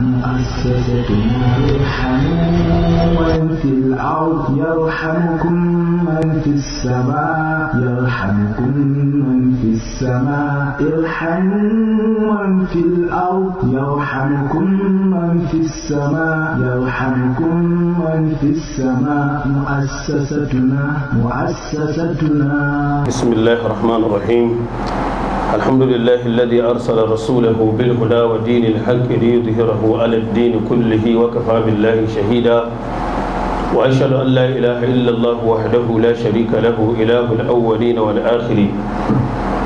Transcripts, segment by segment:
مؤسستنا من في الأرض يرحمكم من في السماء يرحمكم من في السماء ارحموا من في الأرض يرحمكم من في السماء يرحمكم من في السماء مؤسستنا مؤسستنا بسم الله الرحمن الرحيم الحمد لله الذي أرسل رسوله بالهدى ودين الحق ليظهره على الدين كله وكفى بالله شهيدا وأشهد أن لا إله إلا الله وحده لا شريك له إله الأولين والآخرين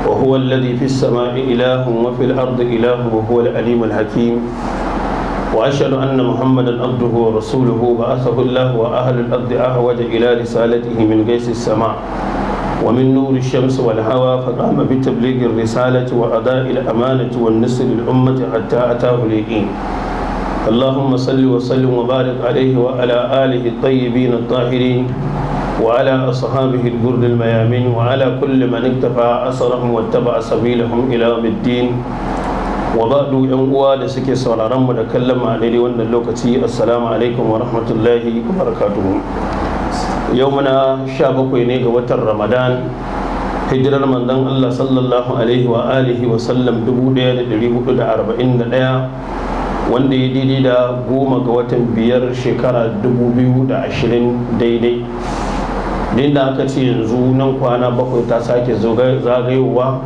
وهو الذي في السماء إله وفي الأرض إله وهو الأليم الحكيم وأشهد أن محمدا عبده ورسوله بعثه الله وأهل الأرض أحوج إلى رسالته من قيس السماء ومن نور الشمس والهوى فقام بتبليغ الرسالة وأداء الأمانة والنصر للأمة حتى أتاه اليقين اللهم صل وسلم وبارك عليه وعلى آله الطيبين الطاهرين وعلى أصحابه الجرد الميامين وعلى كل من اكتفى أثرهم واتبع سبيلهم إلى الدين وبعد يوم da suke sauraron mu da kallon mu a daidai wannan lokaci assalamu alaikum wa rahmatullahi wa barakatuhu yau muna sha bakwai ne ga watan ramadan hijirar manzon allah sallallahu alaihi wa alihi wa sallam 1441 wanda ya daidai da goma ga watan biyar shekara ashirin daidai din da aka ce yanzu nan kwana bakwai ta sake zagayowa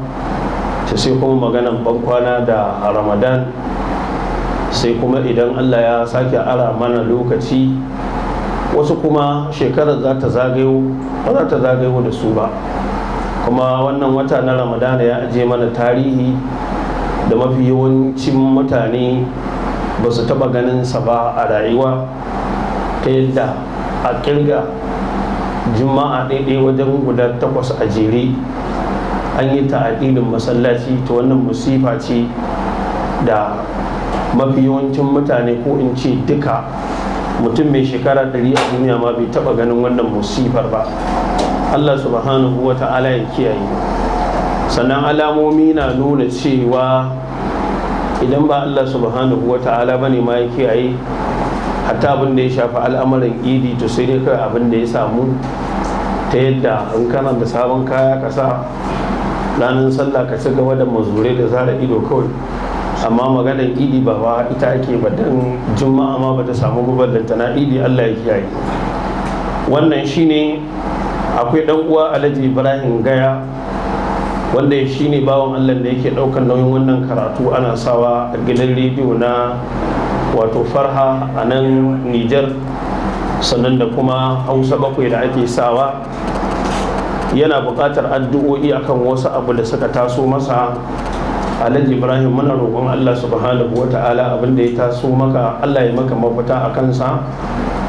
ta sai kuma maganan ban kwana da ramadan sai kuma idan allah ya sake ara mana lokaci wasu kuma shekarar za ta zagayo ba za ta zagayo da su ba kuma wannan wata na ramadana ya aje mana tarihi da mafi yawancin mutane ba su taba ganin sa ba a rayuwa ta yadda a kirga juma'a daidai wajen guda takwas a jere an yi ta'adilin masallaci ta wannan musifa ce da mafi yawancin mutane ko in ce duka mutum mai shekara ɗari a duniya ma bai taɓa ganin wannan musifar ba allah subhanahu wa ta'ala ya kiyaye sannan alamomi na nuna cewa idan ba allah subhanahu wa ta'ala ba ne ma ya kiyaye hatta abin da ya shafi al'amarin idi to sai dai kawai abin da ya samu ta yadda in kana da sabon kaya ka sa ranar sallah ka ci gaba da mazurai da zara ido kawai amma maganar idi ba wa ita ake ba don juma'a ma ba ta samu da na idi allah ya kiyaye wannan shine akwai dan uwa alhaji ibrahim gaya wanda shine ne bawan allah da yake ɗaukar nauyin wannan karatu ana sawa a gidan rediyo na wato farha a nan nijar sannan da kuma hausa bakwai da ake sawa yana bukatar addu'o'i akan wasu abu da suka taso masa alhaji ibrahim muna roƙon allah subhanahu wa ta'ala abinda ya taso maka allah ya maka mafita a kansa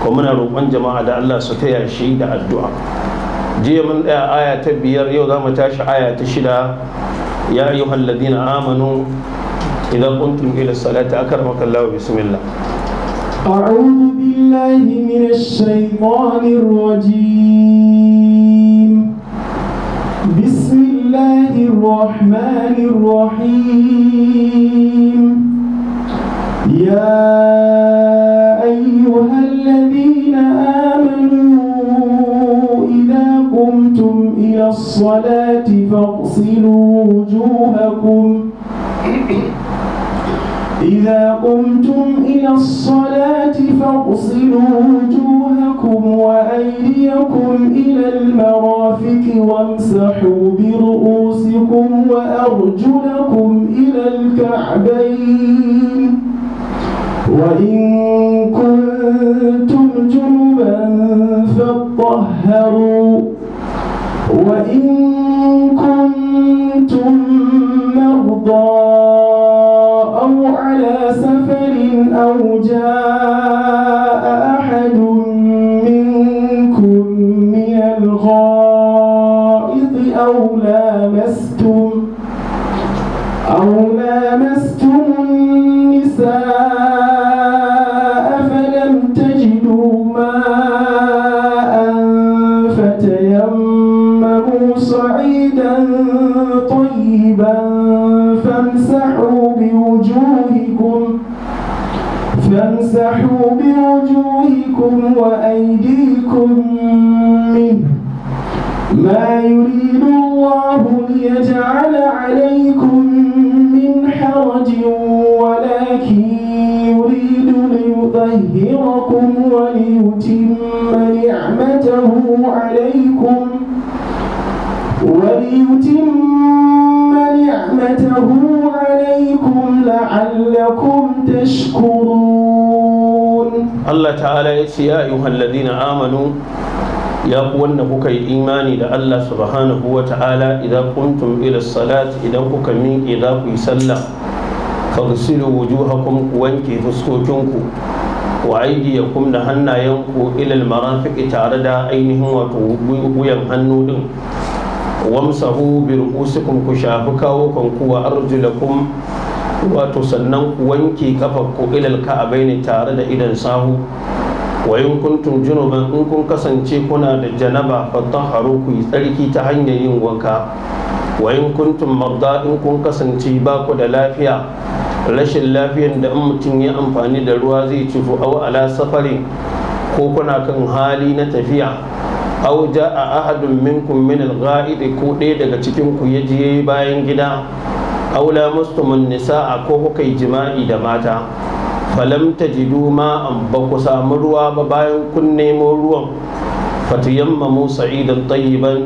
kuma muna roƙon jama'a da allah su taya shi da addu'a jiya mun ɗaya aya ta biyar yau za mu tashi aya ta shida ya ayyuha alladhina amanu idan kuntum ila salati akramaka allah bismillah أعوذ بالله من الشيطان الرجيم الرحمن الرحيم يا أيها الذين آمنوا إذا قمتم إلى الصلاة فاغسلوا وجوهكم إذا قمتم إلى الصلاة فاغسلوا وجوهكم ta'ala ya ce ya ayyuhal amanu ya ku wanda kuka yi imani da Allah subhanahu wa ta'ala idan kuntum ila salat idan kuka miƙe za ku yi sallah fagsilu wujuhakum ku wanke fuskokinku wa aydiyakum da hannayenku ila almarafiqi tare da ainihin wato wuyan hannu din wamsahu bi ru'usikum ku shafi kawo wa arjulakum wato sannan ku wanke ku ila alka'abaini tare da idan sahu wa in kuntum junuban in kun kasance kuna da janaba fatahharu ku yi tsarki ta hanyar yin wanka wa in kuntum marda in kun kasance ba ku da lafiya rashin lafiyar da in mutum ya amfani da ruwa zai cutu au ala safari ko kuna kan hali na tafiya au ja a ahadun minkum min al-ghaid ko ɗaya daga cikin ku ya je bayan gida aula mustumun nisa'a ko kuka jima'i da mata falam tajidu ma'an ba ku samu ruwa ba bayan kun nemo ruwan fatiyammamu sa'idan tayyiban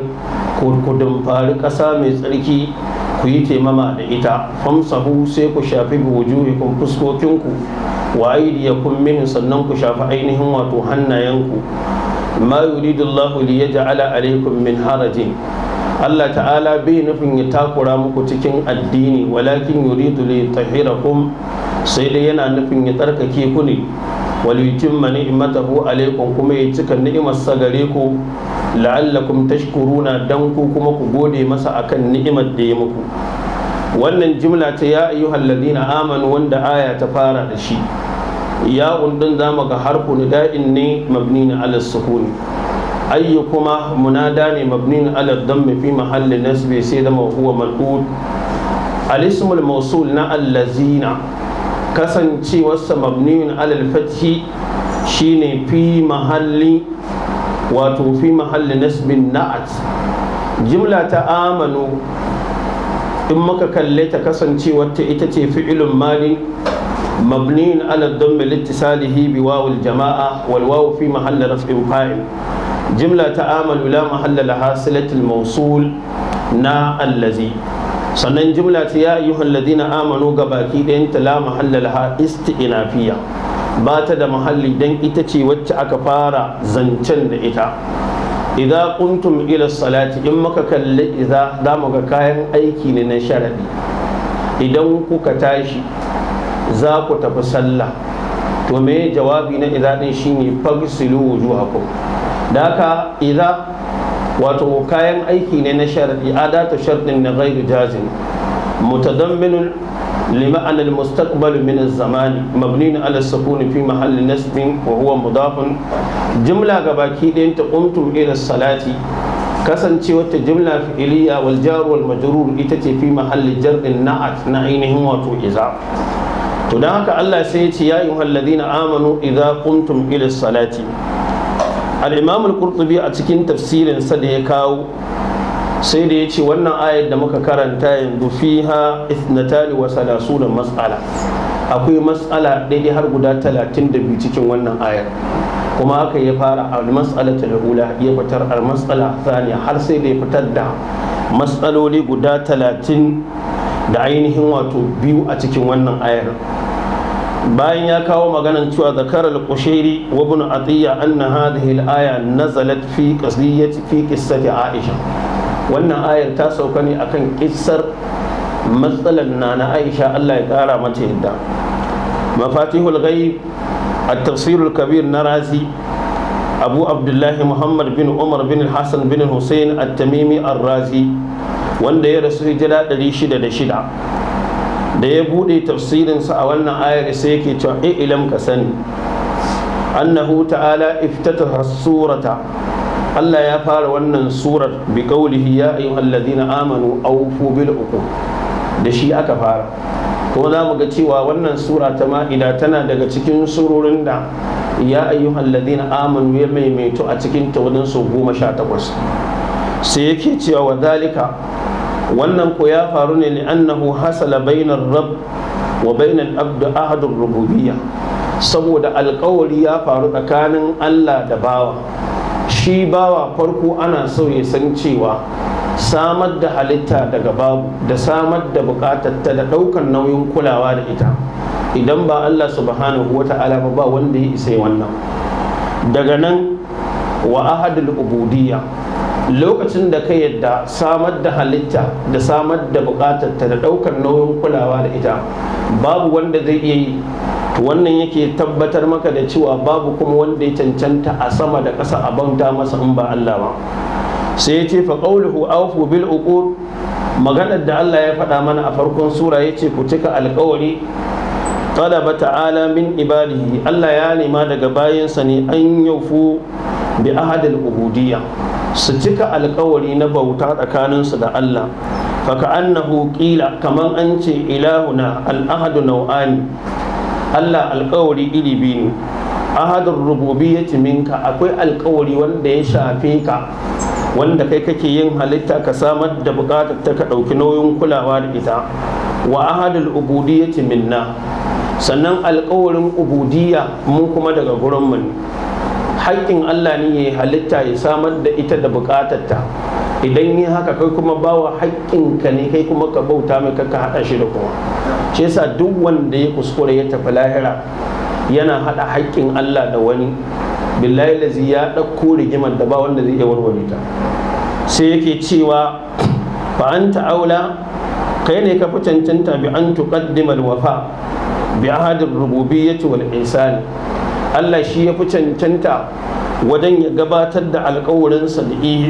kurkudin fari ƙasa mai tsarki ku yi taimama da ita famsahu sai ku shafi wujuhikum fuskokinku wa kun min sannan ku shafi ainihin wato hannayenku ma yuridullahu li yaj'ala alaykum min harajin Allah ta'ala bai nufin ya takura muku cikin addini walakin yuridu li tahirakum sai dai yana nufin ya tsarkake ku ne walikin mani imatahu alaikum kuma ya cika ni'imarsa gare ku la'allakum tashkuruna dan ku kuma ku gode masa akan ni'imar da ya muku wannan jimla ta ya ayyuhal ladina amanu wanda aya ta fara da shi ya undin zamu ga harfu nida'in ne mabni na ala sukuni ayyu kuma munada ne mabni na ala dammi fi mahallin nasbi sai da huwa mal'ud al-ismul mawsul na allazina kasancewarsa mabniyun alal fathi shine fi mahalli wato fi mahalli nasbin na'at jimla ta amanu in muka kalle ta kasancewarta ita ce fi'ilun mali mabniyun ala dhammi littisalihi bi wawul jama'a wal wawu fi mahalli raf'in fa'il jimla ta amanu la mahalla laha silatul na allazi sannan jimla ta ya ayyuhal ladina amanu ga baki ɗayan ta la mahallalaha isti'nafiya ba ta da mahalli don ita ce wacce aka fara zancen da ita Iza kuntum ila salati in maka kalli idza da ga kayan aiki ne na sharadi idan kuka tashi za ku tafi sallah to me jawabi na idan din shine fagsilu wujuhakum daka idan wato kayan aiki ne na sharadi shardin na gairu jazin mutadamminul lima'anar mustaqbal min zamani mabni na ala sakuni fi mahalli nasbin wa huwa jimla ga baki ɗayan ta ƙuntun ila salati kasancewar jimla iliya wal jaru majrur ita ce fi mahalli jar'in na'at na ainihin wato iza to don haka Allah sai ya ce ya halladi na amanu iza qumtum ila salati al-imam al a cikin tafsirin sa da ya kawo sai da ya ce wannan ayar da muka karanta yanzu fiha ithnatani wa da mas'ala akwai matsala daidai har guda talatin da 32 cikin wannan ayar kuma haka ya fara a masala ta ula ya fitar a masala har sai da ya fitar da matsaloli guda 30 da ainihin wato biyu a cikin wannan ayar bayan ya kawo maganan cewa zakar al-qushairi wa ibn atiya anna hadhihi al-aya nazalat fi qasiyati fi qissati aisha wannan ayar ta sauka ne akan kissar matsalar nana aisha Allah ya kara mata yadda mafatihul ghaib at-tafsir al-kabir na razi abu abdullahi muhammad bin umar bin hasan bin hussein at-tamimi ar-razi wanda ya rasu da shida. da ya buɗe tafsirinsa a wannan ayar sai yake cewa ilam ka sani annahu ta'ala iftataha surata Allah ya fara wannan surar bi qaulihi ya ayyuhalladhina amanu awfu bil uqud da shi aka fara kuma za mu ga cewa wannan sura ta ma'ida tana daga cikin sururin da ya ayyuhalladhina amanu ya maimaito a cikin ta sau goma sha takwas sai yake cewa wa dalika wannan ko ya faru ne annahu hasala bainar rab wa bainar abdu ahadun rububiyya saboda alkawari ya faru tsakanin allah da bawa shi bawa farko ana so ya san cewa samar da halitta daga babu da samar da bukatar ta da ɗaukar nauyin kulawa da ita idan ba Allah subhanahu wa ta'ala ba ba wanda ya isa wannan daga nan wa ahadul ubudiyya lokacin da ka yadda samar da halitta da samar da bukatar ta da daukar nauyin kulawa da ita babu wanda zai iya yi wannan yake tabbatar maka da cewa babu kuma wanda ya cancanta a sama da ƙasa a bauta masa in ba Allah ba sai ya ce fa qawluhu awfu bil uqud maganar da Allah ya faɗa mana a farkon sura yace ku cika alƙawari ba ta'ala min ibadihi Allah ya nema daga bayansa ne an yaufu bi ahadil ubudiyya su cika alkawari na bauta tsakaninsu da Allah faka annahu qila kaman an ce ilahuna al'ahadu nau'ani Allah alkawari iri biyu ne ahadin rububiyyati minka akwai alkawari wanda ya shafe ka wanda kai kake yin halitta ka samar da bukatar ta ka ɗauki nauyin kulawa da ita wa ahadul ubudiyyati minna sannan alkawarin ubudiyya mun kuma daga gurin mu ne haƙƙin Allah ne ya halitta ya samar da ita da buƙatarta idan yi haka kai kuma bawa ka ne kai kuma ka bauta mai ka haɗa shi da kuma shi yasa duk wanda ya kuskure ya tafi lahira yana haɗa haƙƙin Allah da wani billahi lazi ya ɗauko rigimar da ba wanda zai iya warware ta sai yake cewa fa an ta'aula kai ne ka fi cancanta bi an tuqaddima wafa bi ahadin rububiyyati wal ihsani Allah shi ya fi cancanta wajen ya gabatar da alkawarinsa da iya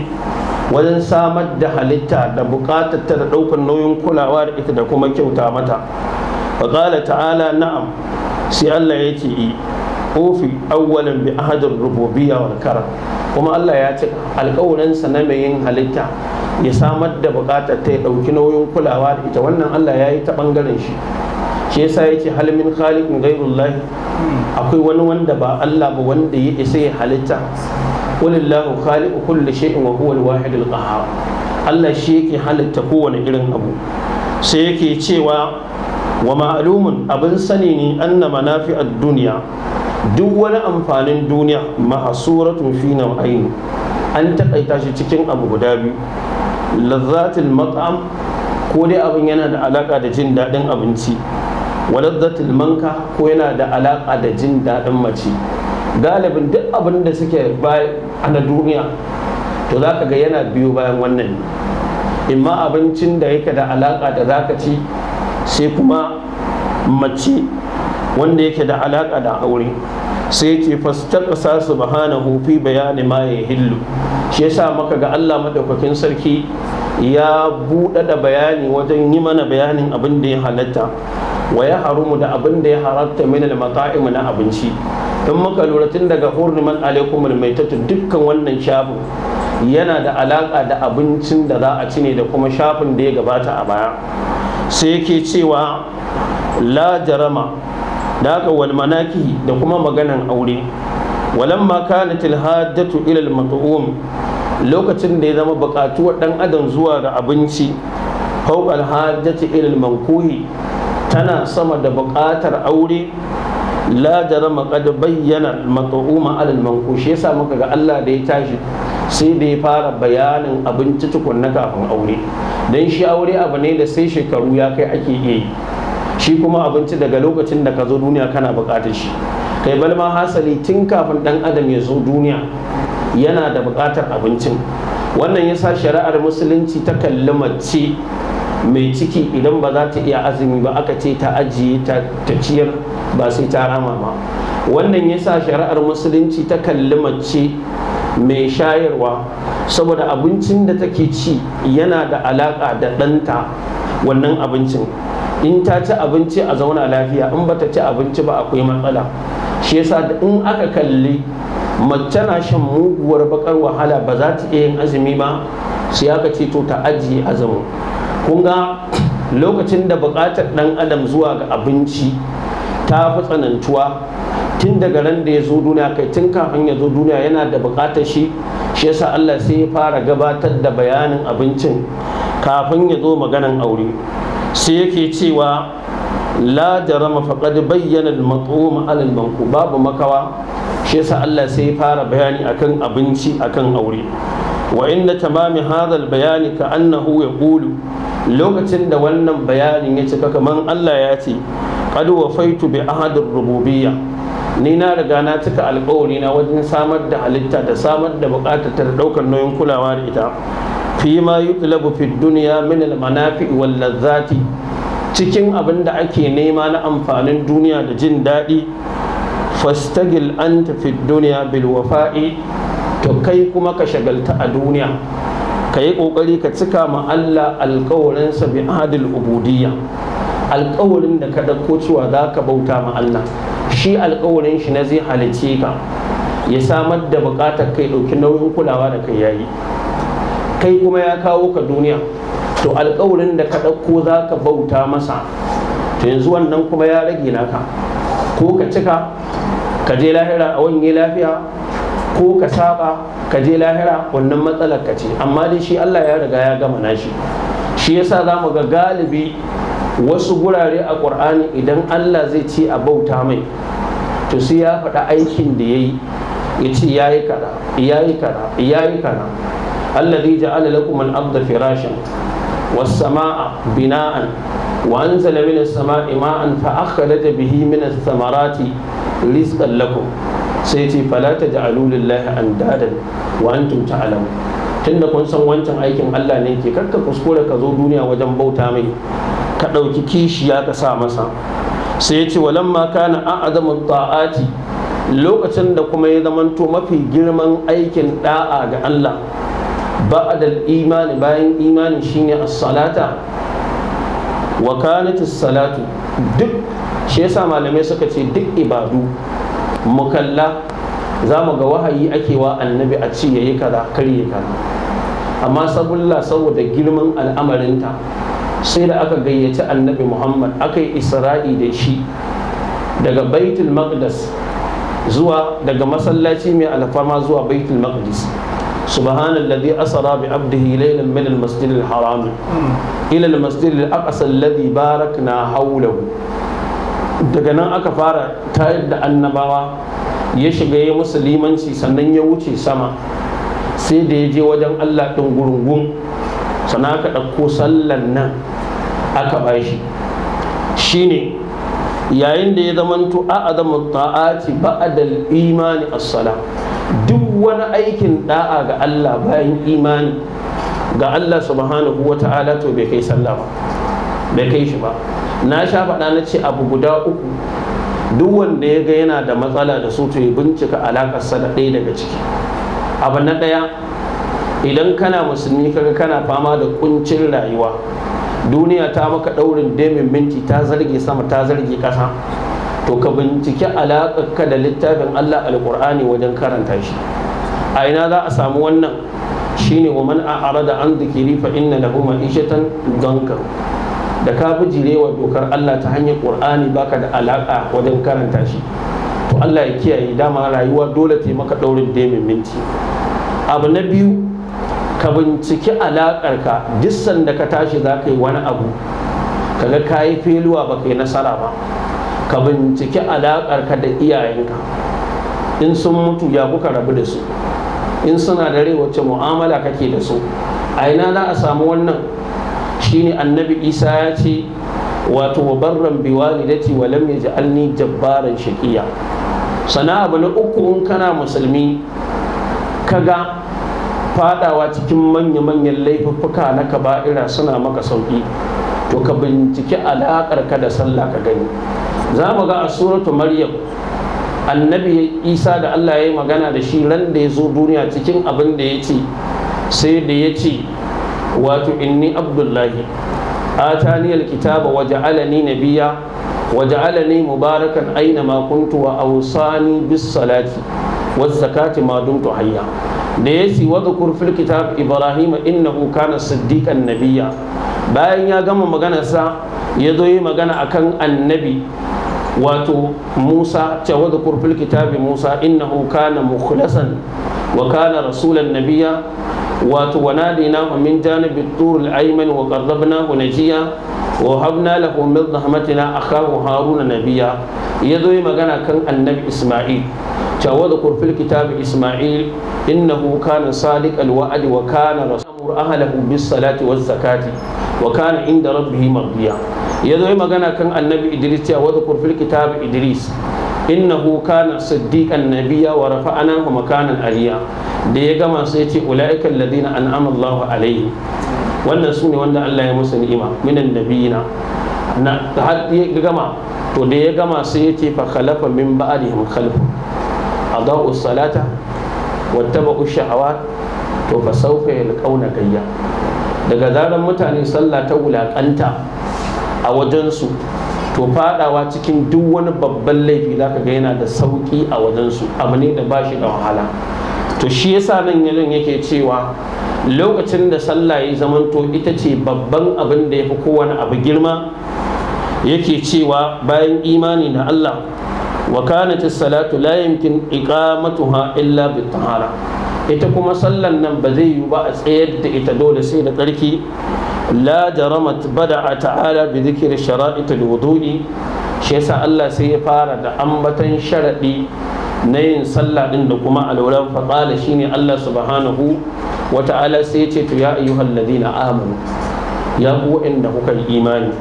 wajen samar da halitta da buƙatar ta da ɗaukar nauyin kulawa da ita da kuma kyauta mata faƙala ta'ala na'am sai Allah ya ce yi ofi awwalan bi ahadin rububiyya wal karam kuma Allah ya ce alƙawarinsa na mai yin halitta ya samar da buƙatar ta ya ɗauki nauyin kulawa da ita wannan Allah ya yi ta ɓangaren shi shi yasa ya ce min khaliqin ghairullahi akwai wani wanda ba Allah ba wanda ya isa ya halitta qulillahu khaliqu kulli shay'in wa huwa al-wahid al-qahhar Allah shi yake halitta kowane irin abu sai yake cewa wa ma'lumun abin sani ne anna manafi'ad dunya duk wani amfanin duniya mahsuratun fi nau'ain an takaita shi cikin abu guda biyu lazzatil mat'am ko dai abin yana da alaka da jin daɗin abinci waladdatul manka ko yana da alaƙa da jin daɗin mace galibin duk abin da suke a na duniya to za ka ga yana biyo bayan wannan imma abincin da yake da alaƙa da za ka ci sai kuma mace wanda yake da alaƙa da aure sai yake ba subhanahu fi bayani ma ya hillu shi yasa maka ga Allah madaukakin sarki ya buɗaɗa bayani wajen yi mana bayanin abin da ya halatta wa ya mu da abin da ya haramta min al-mata'im na abinci in muka lura tun daga hurniman alaikum mai maitatu dukkan wannan shafin yana da alaka da abincin da za a ci ne da kuma shafin da ya gabata a baya sai yake cewa la jarama da aka wal manaki da kuma maganan aure walamma kanat al ila al-mat'um lokacin da ya zama buƙatuwar dan adam zuwa ga abinci fawqa al-haddati ila al tana sama da buƙatar aure la jarama bayyana al alal ala yasa muka ga Allah da ya tashi sai da ya fara bayanin abinci tukunna kafin aure Don shi aure abu ne da sai shekaru ya kai ake iya yi shi kuma abinci daga lokacin da ka zo duniya kana buƙatar shi kai balma hasali tun kafin ɗan adam ya zo duniya yana da buƙatar abincin wannan yasa shari'ar musulunci ta kalli mace mai ciki idan ba za ta iya azumi ba aka ce ta ajiye ta ciyar ba sai ta rama ba wannan ya sa shari'ar musulunci ta kalli mace mai shayarwa saboda abincin da take ci yana da alaƙa da ɗanta wannan abincin in ta ci abinci a zauna lafiya in ba ta ci abinci ba akwai matsala shi yasa da in aka kalli mace na shan muguwar bakar wahala ba za ta iya yin azumi ba sai aka ce to ta ajiye azumin kun ga lokacin da buƙatar ɗan adam zuwa ga abinci ta fi tsanantuwa tun daga ran da ya zo duniya kai tun kafin ya zo duniya yana da buƙatar shi shi yasa Allah sai ya fara gabatar da bayanin abincin kafin ya zo maganan aure sai yake cewa la jarama faqad bayyana al-mat'um 'ala al babu makawa shi yasa Allah sai ya fara bayani akan abinci akan aure wa inna tamami hadha al-bayani ka annahu yaqulu lokacin da wannan bayanin ya cika kamar Allah ya ce qad wafaitu bi ahadir rububiyya ni na riga na cika alƙawari na wajen samar da halitta da samar da buƙatar ta daukar nauyin kulawa da ita fi ma yutlabu fi dunya min al manafi wal ladzati cikin abin da ake nema na amfanin duniya da jin daɗi fastagil anta fi dunya bil wafa'i to kai kuma ka shagalta a duniya ka yi ƙoƙari ka cika ma Allah alƙawarinsa bi adil ubudiyya alƙawarin da ka ɗauko cewa za ka bauta ma Allah shi alƙawarin shi na zai halice ka ya samar da buƙatar kai ɗauki nauyin kulawa da kai yayi kai kuma ya kawo ka duniya to alƙawarin da ka ɗauko za ka bauta masa to yanzu wannan kuma ya rage naka ko ka cika ka je lahira a wani lafiya ko ka saba ka je lahira wannan matsalar ka ce amma dai shi Allah ya riga ya gama nashi shi yasa za mu ga galibi wasu gurare a ƙur'ani idan Allah zai ci a bauta mai to sai ya faɗa aikin da ya yi ya ce ya yi kaza ya yi kaza ya yi kaza ji ja'ala lakum al-ardha firashan was-samaa bina'an wa anzala minas samaa'i ma'an fa akhraja bihi minas thamarati rizqan lakum sai ce falata ta ja'alu an dadan wa alamu tun tunda kun san wancan aikin Allah ne ke karka kuskure ka zo duniya wajen bauta mai ka ɗauki kishiya ka sa masa sai ya ce ma kana a'azamu ta'ati lokacin da kuma ya zamanto mafi girman aikin da'a ga Allah ba'adal imani bayan imani shine as-salata wa kanat salatu duk shi yasa malamai suka ce duk ibadu mukalla za mu ga wahayi ake wa annabi a ce yayi kaza karye kaza amma sabulla saboda girman al'amarinta sai da aka gayyaci annabi muhammad aka yi isra'i da shi daga baitul maqdis zuwa daga masallaci mai alfama zuwa baitul maqdis سبحان الذي أسرى بعبده ليلا من المسجد الحرام إلى المسجد الأقصى الذي باركنا حوله daga nan aka fara tayar da annabawa ya shiga ya musulmanci sannan ya wuce sama sai da ya je wajen allah ɗin gurungun sannan aka ɗauko sallan nan aka bashi shine yayin da ya zamanto a azamu ta'ati ba'adal imani assalam duk wani aikin da'a ga Allah bayan imani ga Allah subhanahu wa ta'ala to bai kai sallah bai kai shi ba na sha faɗa na ce abu guda uku duk wanda ya ga yana da matsala da su to ya bincika alakarsa da ɗaya daga ciki abu na ɗaya idan kana musulmi kaga kana fama da kuncin rayuwa duniya ta maka ɗaurin demin minti ta zarge sama ta zarge ƙasa to ka binciki ka da littafin Allah alƙur'ani wajen karanta shi a ina za a samu wannan shine wa man da an dhikri fa inna lahu ma'ishatan danka da ka bijirewa dokar Allah ta hanyar Qur'ani baka da alaka wajen karanta shi to Allah ya kiyaye dama rayuwa dole ta maka daurin daimin minti abu na biyu ka binciki alakar ka dissan da ka tashi za ka yi wani abu kaga ka yi feluwa ba ka yi nasara ba ka binciki alakar ka da iyayenka in sun mutu ya kuka rabu da su in suna da rai wacce mu'amala kake da su a ina za a samu wannan shine annabi isa ya ce wato wa barran bi walidati wa lam yaj'alni jabbaran shaqiya sana abu na uku in kana musulmi kaga fadawa cikin manya-manyan laifuffuka na kaba'ira suna maka sauki to ka binciki alaƙar ka da sallah ka gani za mu ga a suratu maryam annabi isa da allah ya yi magana da shi ran da ya zo duniya cikin abin da ya ce sai da ya ce wato inni abdullahi atani alkitaba wa ja'alani nabiyya wa ja'alani mubarakan aina ma kuntu wa awsani bis salati waz zakati ma dumtu hayya da yasi wa dhkur fil kitab ibrahima innahu kana siddiqan nabiyya bayan ya gama magana sa ya zo yi magana akan annabi wato Musa cewa da kurfil kitabi Musa innahu kana mukhlasan wa kana rasulan nabiyya wato wa nadinahu min janibi turul ayman wa qarrabnahu najiya wa habna lahu min rahmatina akahu haruna nabiyya yazo yi magana kan annabi isma'il cewa da kurfil kitabi isma'il innahu kana sadiqal wa'di wa kana rasul ahlahu bis salati waz zakati wa kana inda rabbihi mardiya yazo yi magana kan annabi idris cewa da kurfil kitabi idris innahu kana siddiqan nabiyya wa rafa'ana wa makanan aliyya da ya gama sai ce ulaika alladhina an'ama Allahu alaihim wannan su ne wanda Allah ya musu ni'ima minan nabiyina na har ya gama to da ya gama sai yace fa khalafa min ba'dihim khalf adau salata wattaba'u shahawat to fa sawfa yalqauna gayya daga zaran mutane sallah ta wulakanta a wajensu to fadawa cikin duk wani babban laifi za ka ga yana da sauƙi a wajen su abu ne da ba shi da wahala to shi yasa nan yanzu yake cewa lokacin da sallah ya zamanto ita ce babban abin da ya fi kowane abu girma yake cewa bayan imani na Allah wa ta salatu la yumkin iqamatuha illa bi tahara ita kuma sallan nan ba zai yi ba a tsayar da ita dole sai da tsarki la jarama bada'a ta'ala bi dhikri shara'itul wudu'i shi sa Allah sai ya fara da ambatan sharaɗi na yin sallah din da kuma alwala fa qala shine Allah subhanahu wa ta'ala sai ce to ya ayyuhal ladina amanu ya ku inda kuka yi imani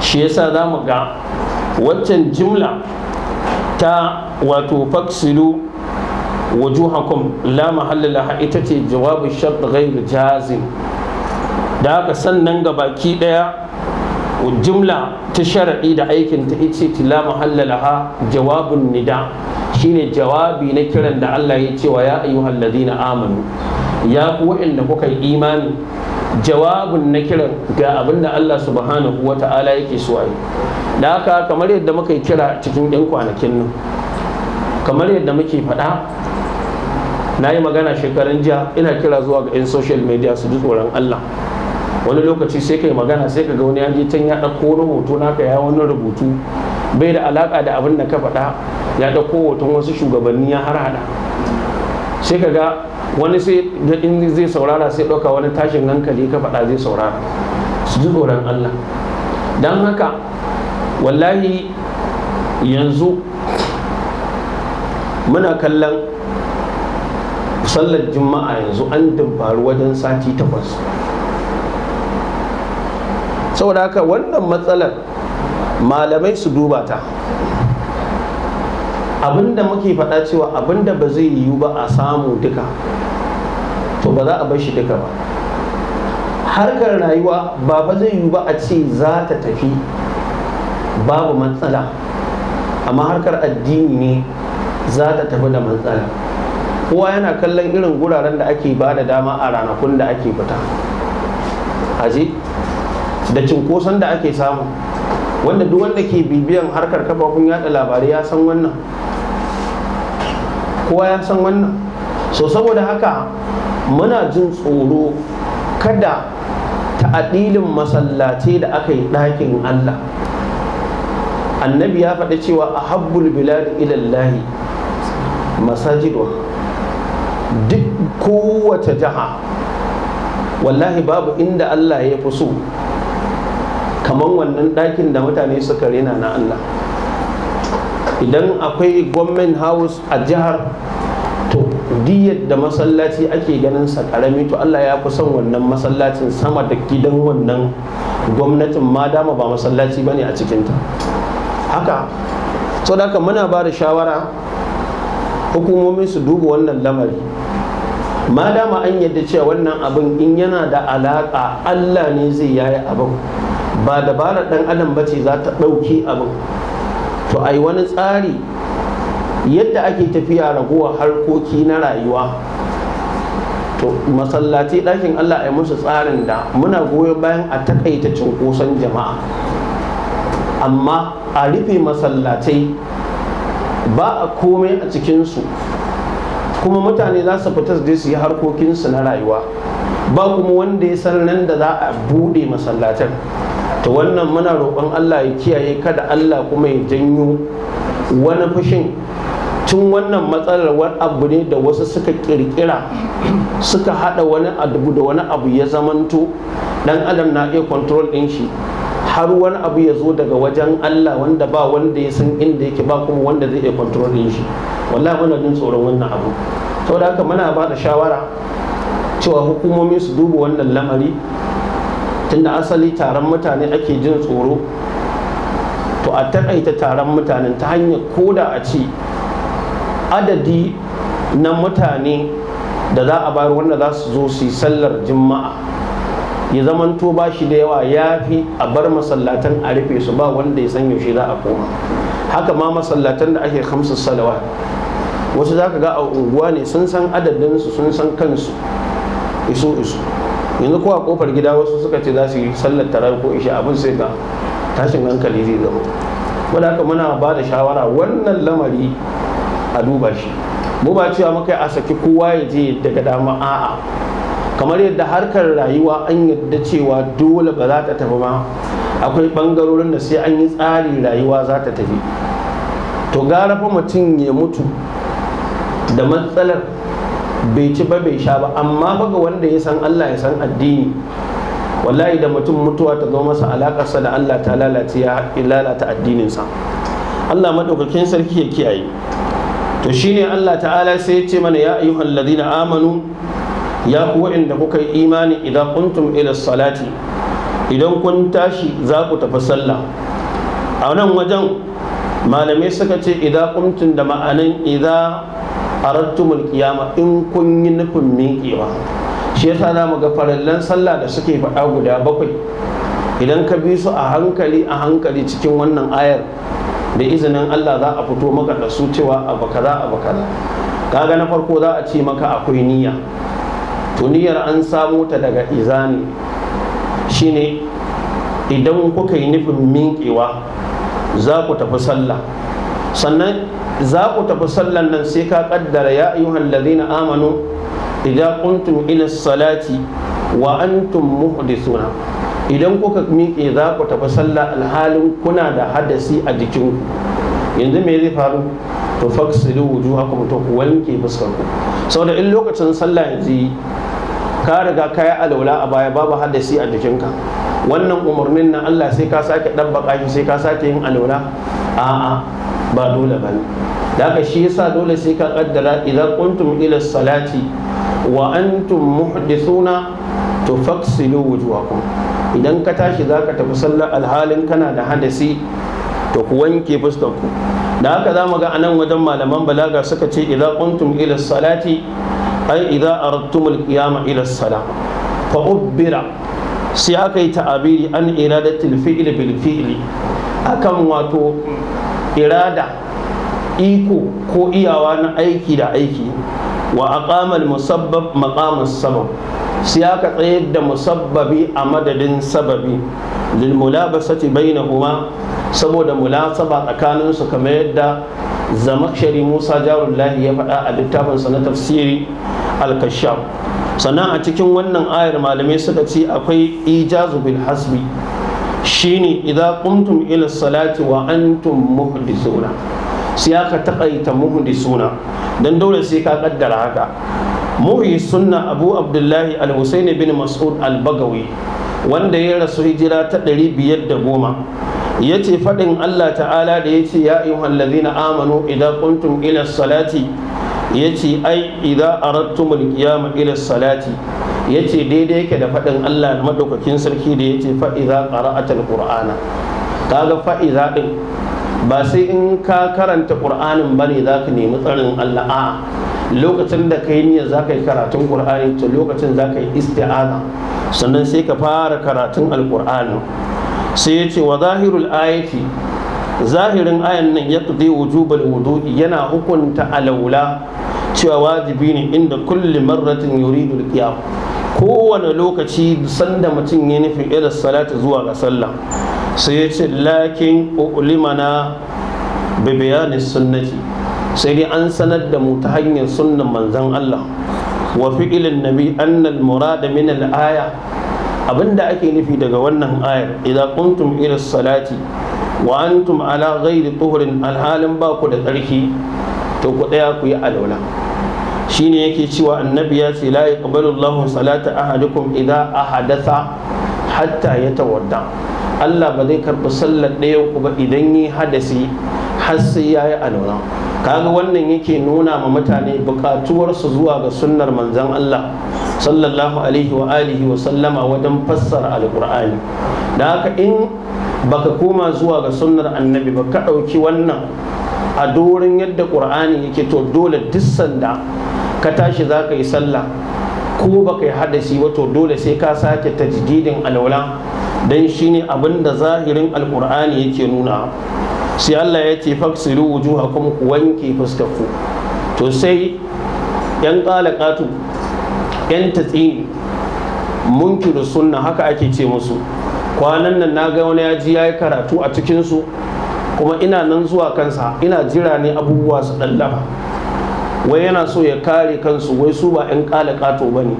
shi yasa zamu ga waccan jimla ta wato faksilu wujuhakum la mahalla laha ita ce jawabin shart ghairu jazim da haka sannan ga baki ɗaya jumla ta sharaɗi da aikin ta ita ice tila mahallalaha jawabun nida shine jawabi na kiran da Allah ya cewa ya ayyuhal na amanu ya ku waɗanda kuka yi imani jawabun na kiran ga abin da Allah subhanahu wa ta'ala yake so ayi da haka kamar yadda muka yi kira cikin ɗin kwanakin nan kamar yadda muke faɗa na yi magana shekaran jiya ina kira zuwa ga 'yan social media su ji tsoron Allah wani lokaci sai kai magana sai ka ga wani ya je can ya ɗauko rahoto naka ya wani rubutu bai da alaƙa da abin da ka faɗa ya ɗauko hoton wasu shugabanni ya harada. sai ka ga wani sai da in zai saurara sai ɗauka wani tashin hankali ka faɗa zai saurara su ji tsoron Allah don haka wallahi yanzu muna kallon sallar juma'a yanzu an dabaru wajen sati takwas saboda haka wannan matsalar malamai su duba ta abinda muke faɗa cewa abinda ba zai yiwu ba a samu duka to ba za a bar shi duka ba harkar rayuwa ba ba zai yiwu ba a ce za ta tafi babu matsala amma harkar addini ne za ta tafi da matsala kowa yana kallon irin guraren da ake ba da dama a ranakun da ake fita aje da cinkoson da ake samu wanda duk wanda ke bibiyan harkar kafafun yada labarai ya san wannan kowa ya san wannan so saboda haka muna jin tsoro kada ta'adilin masallaci da aka yi ɗakin Allah annabi ya faɗi cewa a habbul bilad ilallahi masajidwa duk kowace jiha wallahi babu inda Allah ya fi so kamar wannan ɗakin da mutane suka rena na Allah idan akwai gwamnan house a jihar to diyar da masallaci ake ganin sa karami to Allah ya fi son wannan masallacin sama da gidan wannan gwamnatin ma dama ba masallaci bane a cikinta haka so da haka muna ba da shawara hukumomi su duba wannan lamari ma dama an yadda cewa wannan abin in yana da alaƙa Allah ne zai yayi abin ba dabarar ɗan adam ba ce za ta ɗauki abin to ai wani tsari yadda ake tafiya raguwa harkoki na rayuwa to masallaci ɗakin allah ai musu tsarin da muna goyon bayan a takaita cunkoson jama'a amma a rufe masallatai ba a komai a cikinsu kuma mutane za su fita je su yi harkokinsu na rayuwa ba kuma wanda ya san nan da za a buɗe masallatan ta wannan muna roƙon Allah ya kiyaye kada Allah kuma ya janyo wani fushin tun wannan matsalar wani abu ne da wasu suka kirkira suka hada wani abu da wani abu ya zamanto ɗan adam na iya control din shi har wani abu ya zo daga wajen Allah wanda ba wanda ya san inda yake ba kuma wanda zai iya control din shi wallahi muna jin tsoron wannan abu saboda haka muna ba da shawara cewa hukumomi su duba wannan lamari tunda asali taron mutane ake jin tsoro to a takaita taron mutane ta hanyar koda a ce adadi na mutane da za a bayar wanda za su zo su yi sallar juma'a ya zamanto ba shi da yawa ya fi a bar masallatan a rufe su ba wanda ya san yaushe za a koma haka ma masallatan da ake kamsu salawa wasu za ka ga a unguwa ne sun san adadinsu sun san kansu iso iso yanzu ko kofar gida wasu suka ce za su yi sallar tarar ko isha abin sai ga tashin hankali zai zama wadda haka muna ba da shawara wannan lamari a duba shi mu ba cewa muka a saki kowa ya je daga dama a'a kamar yadda harkar rayuwa an yadda cewa dole ba za ta tafi ma akwai bangarorin da sai an yi tsari rayuwa za ta tafi to gara fa mutum ya mutu da matsalar bai ci ba bai sha ba amma baga wanda ya san Allah ya san addini wallahi da mutum mutuwa ta zo masa alakarsa da Allah ta lalace ya lalata addininsa Allah madaukakin sarki ya kiyaye to shine Allah ta'ala sai ya ce mana ya ayyuhal ladina amanu ya ku waɗanda kuka yi imani idan kuntum ila salati idan kun tashi za ku tafi sallah a nan wajen malamai suka ce idan kuntum da ma'anan idan arattumul kiyama in kun yi nufin miƙewa shi yasa zamu ga farallan sallah da suke faɗa guda bakwai idan ka bi su a hankali a hankali cikin wannan ayar da izinin Allah za a fito maka da su cewa abu kaza abu kaza kaga na farko za a ce maka akwai niyya to niyyar an samo ta daga izani shine idan kuka yi nufin miƙewa za ku tafi sallah sannan za ku tafi sallan nan sai ka kaddara ya ayyuhal ladina amanu idza kuntum ila salati wa antum muhdithuna idan kuka miƙe za ku tafi sallah alhalin kuna da hadasi a jikinku yanzu me zai faru to faksilu wujuhakum to ku wanke fuskarku saboda in lokacin sallah yanzu ka riga ka yi alaula a baya babu hadasi a jikinka wannan umarnin na Allah sai ka sake ɗabbaka shi sai ka sake yin alaula a'a ba dole ba ne daga shi yasa dole sai ka kaddara idan kuntum ila salati wa antum muhdithuna to faksilu wujuhakum idan ka tashi zaka tafi sallar alhalin kana da hadasi to ku wanke fuskarku da haka zamu ga anan wajen malaman balaga suka ce idza kuntum ila salati ai idza aradtum alqiyama ila salat fa ubbira sai aka yi ta'abiri an iradatil fi'li bil fi'li akan wato irada iko ko iyawa na aiki da aiki wa aqamal musabbab maqamus sabab sai aka tsayar da musabbabi a madadin sababi lil mulabasati bainahuma saboda mulasaba tsakanin su kamar yadda zamakshari Musa Jarullahi ya faɗa a littafinsa na tafsiri al-kashaf sannan a cikin wannan ayar malamai suka ce akwai ijazu bil hasbi shine idan qumtum ila salati wa antum muhdisuna sai aka takaita muhdisuna dan dole sai ka kaddara haka muhi sunna abu abdullahi al-husaini bin mas'ud al-bagawi wanda ya rasu hijira ta 510 goma, yace faɗin Allah ta'ala da yace ya ayyuhan ladhina amanu idan kuntum ila salati yace ai idan aradtumul qiyama ila salati ya ce daidai yake da faɗin Allah maɗaukakin sarki da ya ce fa'iza ƙara'atar ƙur'ana ga fa'iza ɗin ba sai in ka karanta ƙur'anin ba ne za ka nemi tsarin Allah a lokacin da ka yi niyyar za ka yi karatun ƙur'ani to lokacin za ka yi isti'aza sannan sai ka fara karatun alƙur'ani sai ya ce wa zahirul ayati zahirin ayan nan ya ƙudi wujubal wudu'i yana hukunta alaula cewa wajibi ne inda kulli marratin yuridu al kowane lokaci sanda mutum ya nufi irin salati zuwa ga sallah sai ya ce lakin ulimana bibiyanin sunnati sai dai an sanar da mu ta hanyar sunnan manzan Allah wa fi'ilin nabi annal murada min al-aya abinda ake nufi daga wannan ayar idan kuntum ila salati wa antum ala ghairi tuhurin alhalin ba ku da tsarki to ku daya ku yi alwala shine yake cewa annabi ya ce la yaqbalu Allahu salata ahadukum idha ahadatha hatta yatawadda Allah ba zai karɓi sallar ɗayan ku ba idan yi hadasi har sai ya yayi alwala kaga wannan yake nuna ma mutane su zuwa ga sunnar manzon Allah sallallahu alaihi wa alihi wa sallama wajen fassara alqur'ani dan haka in baka koma zuwa ga sunnar annabi ba ka ɗauki wannan a dorin yadda ƙur'ani yake to dole duk sanda ka tashi za ka yi sallah ko ba ka yi hadasi wato dole sai ka sake ta tajdidin alwala dan shine abin da zahirin alkur'ani yake nuna sai Allah ya ce faksiru wujuhakum ku wanke fuskaku to sai yan ƙalaƙatu yan tatsini munkiru sunna haka ake ce musu kwanan nan na ga wani ya ji yayi karatu a cikinsu. kuma ina nan zuwa kansa ina jira ne abubuwa su dallafa wai yana so ya kare kansu wai su ba 'yan kato ba ne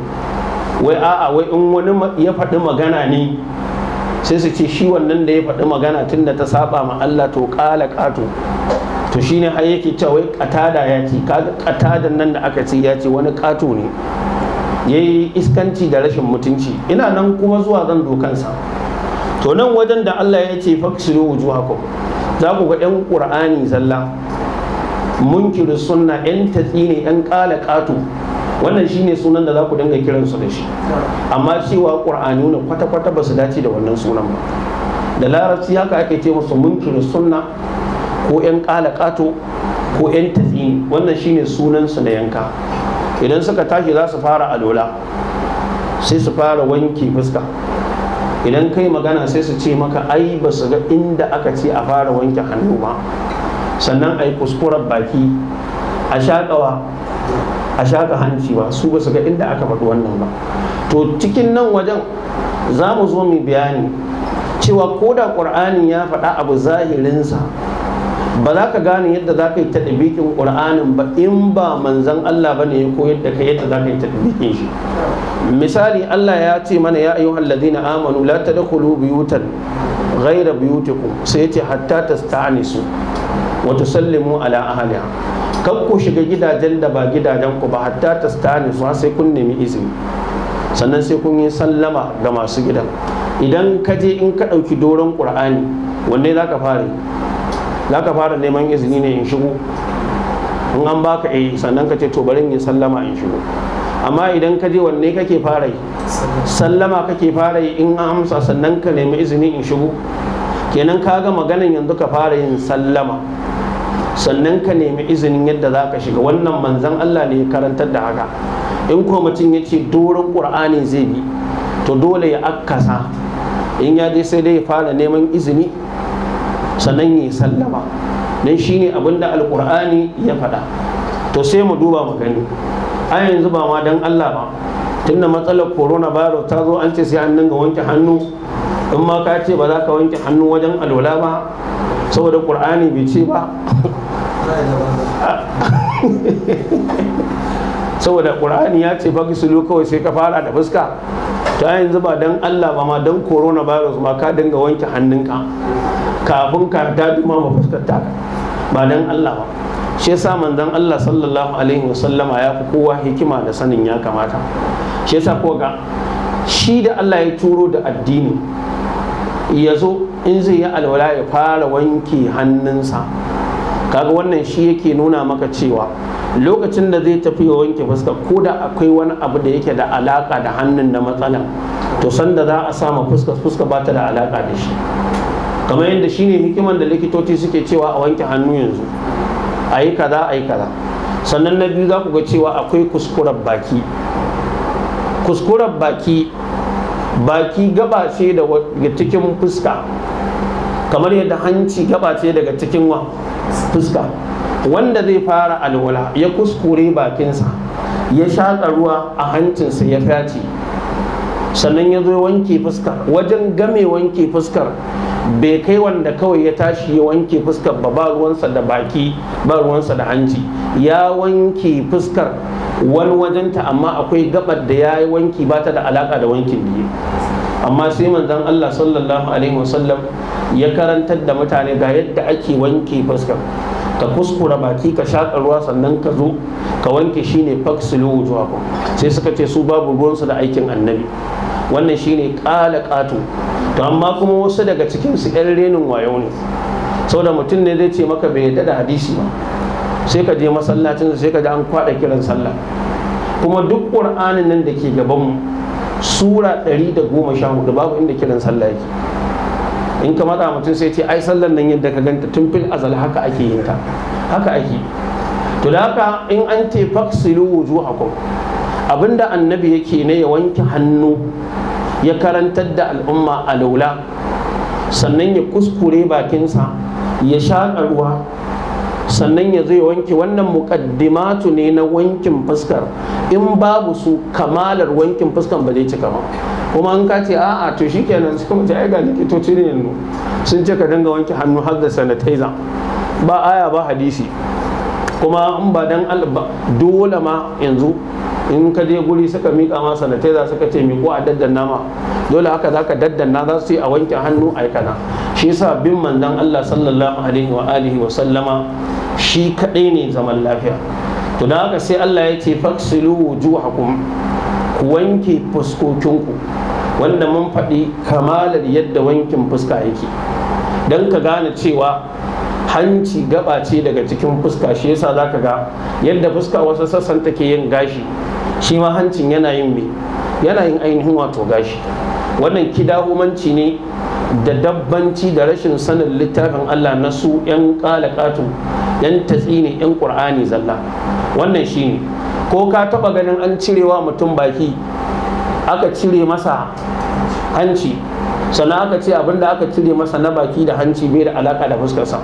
wai a'a wai in wani ya faɗi magana ne sai su ce shi wannan da ya faɗi magana tun da ta saba ma Allah to kato to shi ne yake ta wai katada ya ce katadan nan da aka ce ya ce wani kato ne ya yi iskanci da rashin mutunci ina nan kuma zuwa zan dokansa to nan wajen da Allah ya ce faksiru wujuhakum za ku ga 'yan ƙur'ani zalla munkiru sunna yan tatsi ne yan kala katu wannan shine sunan da za ku dinga kiransu da shi amma cewa qur'ani ne kwata kwata ba su dace da wannan sunan ba da larabci haka ake ce musu munkiru sunna ko yan kala katu ko yan tatsi wannan shine sunan su na yanka idan suka tashi za su fara alola sai su fara wanke fuska idan kai magana sai su ce maka ai ba su ga inda aka ce a fara wanke hannu ba sannan a yi kuskuren baki a shaƙawa a shaƙa hancewa su ba su ga inda aka faɗi wannan ba to cikin nan wajen za mu zo mu bayani cewa ko da ƙur'ani ya faɗa abu zahirinsa ba za ka gane yadda za ka yi taɗabiƙin ƙur'anin ba in ba manzan Allah ba ne ya koyar da ka yadda za ka yi taɗabiƙin shi misali Allah ya ce mana ya ayyuhal ladina amanu la tadkhulu buyutan ghayra buyutikum sai ya ce hatta tasta'nisu wa tusallimu ala ahliha kan ku shiga gidajen da ba gidajen ku ba hatta tastani su sai kun nemi izini sannan sai kun yi sallama ga masu gidan idan ka je in ka ɗauki doron ƙur'ani wanne za ka fara za ka fara neman izini ne in shigo in an baka eh sannan ka ce to bari in sallama in shigo amma idan ka je wanne kake fara sallama kake fara in an amsa sannan ka nemi izini in shigo kenan ka ga maganan yanzu ka fara yin sallama sannan ka nemi izinin yadda za ka shiga wannan manzan Allah ne karantar da haka in kuma mutum ya ce doron ƙur'ani zai bi to dole ya akasa in ya je sai dai ya fara neman izini sannan ya sallama don shi ne abin da alƙur'ani ya faɗa to sai mu duba mu gani a yanzu ba ma don Allah ba tun da matsalar corona virus ta zo an ce sai an dinga wanke hannu in ma ka ce ba za ka wanke hannu wajen alwala ba saboda ƙur'ani bai ce ba saboda ƙur'ani ya ce baki sulu kawai sai ka fara da fuska ta yanzu ba dan Allah ba ma dan coronavirus ma ka dinga wanke hannunka kafin ka ta duma ma fuskar ta ba dan Allah ba shi yasa manzon Allah sallallahu alaihi wasallama ya fi kowa hikima da sanin ya kamata shi yasa ko ga shi da Allah ya turo da addini ya zo in zai yi alwala ya fara wanke hannunsa kaga wannan shi yake nuna maka cewa lokacin da zai tafi ya wanke fuska ko da akwai wani abu da yake da alaka da hannun da matsalan to sanda za a sama fuska fuska ba ta da alaka da shi kamar yadda shine hikiman da likitoci suke cewa a wanke hannu yanzu a yi kaza a yi kaza sannan na biyu za ku ga cewa akwai kuskuren baki kuskuren baki baki gaba ce daga cikin fuska kamar yadda hanci gaba ce daga cikin wa fuska wanda zai fara alwala ya kuskure bakinsa ya shaƙa ruwa a hancinsa ya fyace sannan ya zo wanke fuskar wajen game wanke fuskar bai kai wanda kawai ya tashi ya wanke fuskar ba ba ruwansa da baki ba ruwansa da hanci ya wanke fuskar wani wajenta amma akwai gabar da ya yi wanki ba ta da alaka da wankin biyu amma sai manzon Allah sallallahu alaihi wasallam ya karantar da mutane ga yadda ake wanke fuska ka kuskura baki ka shaƙa ruwa sannan ka zo ka wanke shine faksilu ku. sai suka ce su babu ruwansu da aikin annabi wannan shine ƙala ƙato to amma kuma wasu daga cikin su ƴan renin wayo ne saboda mutum ne zai ce maka bai yadda da hadisi ba sai ka je masallacin sai ka ji an kwaɗa kiran sallah kuma duk ƙur'anin nan da ke gaban sura 114 babu inda kiran sallah yake in ka matsa mutum sai ce ai sallar nan yadda ka ganta tun fil azal haka ake yin ta haka ake to da haka in an ce faksilu wujuhakum abinda annabi yake ne ya wanke hannu ya karantar da al'umma a laula sannan ya kuskure bakinsa ya sha ruwa sannan ya zai wanke wannan muƙaddimatu ne na wankin fuskar in babu su kamalar wankin fuskar ba zai cika ba kuma an kace a a'a to shikenan sai mu ce ga likitoci ne yanzu sun ce ka dinga wanke hannu har da sanitizer ba aya ba hadisi kuma in ba dan dole ma yanzu in ka je guri suka miƙa ma sanataiza suka ce miƙo a daddanna ma dole haka za ka daddanna za su yi a wanke hannu a kana shi yasa bin manzon Allah sallallahu alaihi wa alihi wa sallama shi kadai ne zaman lafiya to dan haka sai Allah ya ce faksilu wujuhakum ku wanke fuskokinku wanda mun faɗi kamalar yadda wankin fuska yake Dan ka gane cewa hanci gaba ce daga cikin fuska shi yasa zaka ga yadda fuska wasu sassan take yin gashi shi ma hancin yana yin me yana yin ainihin wato gashi wannan kidahumanci ne da dabbanci da rashin sanin littafin Allah na su 'yan kalakatu 'yan tatsi ne 'yan kur'ani zalla wannan shi ne ko ka taɓa ganin an cirewa mutum baki aka cire masa hanci sannan aka ce abinda aka cire masa na baki da hanci bai da alaka da fuskarsa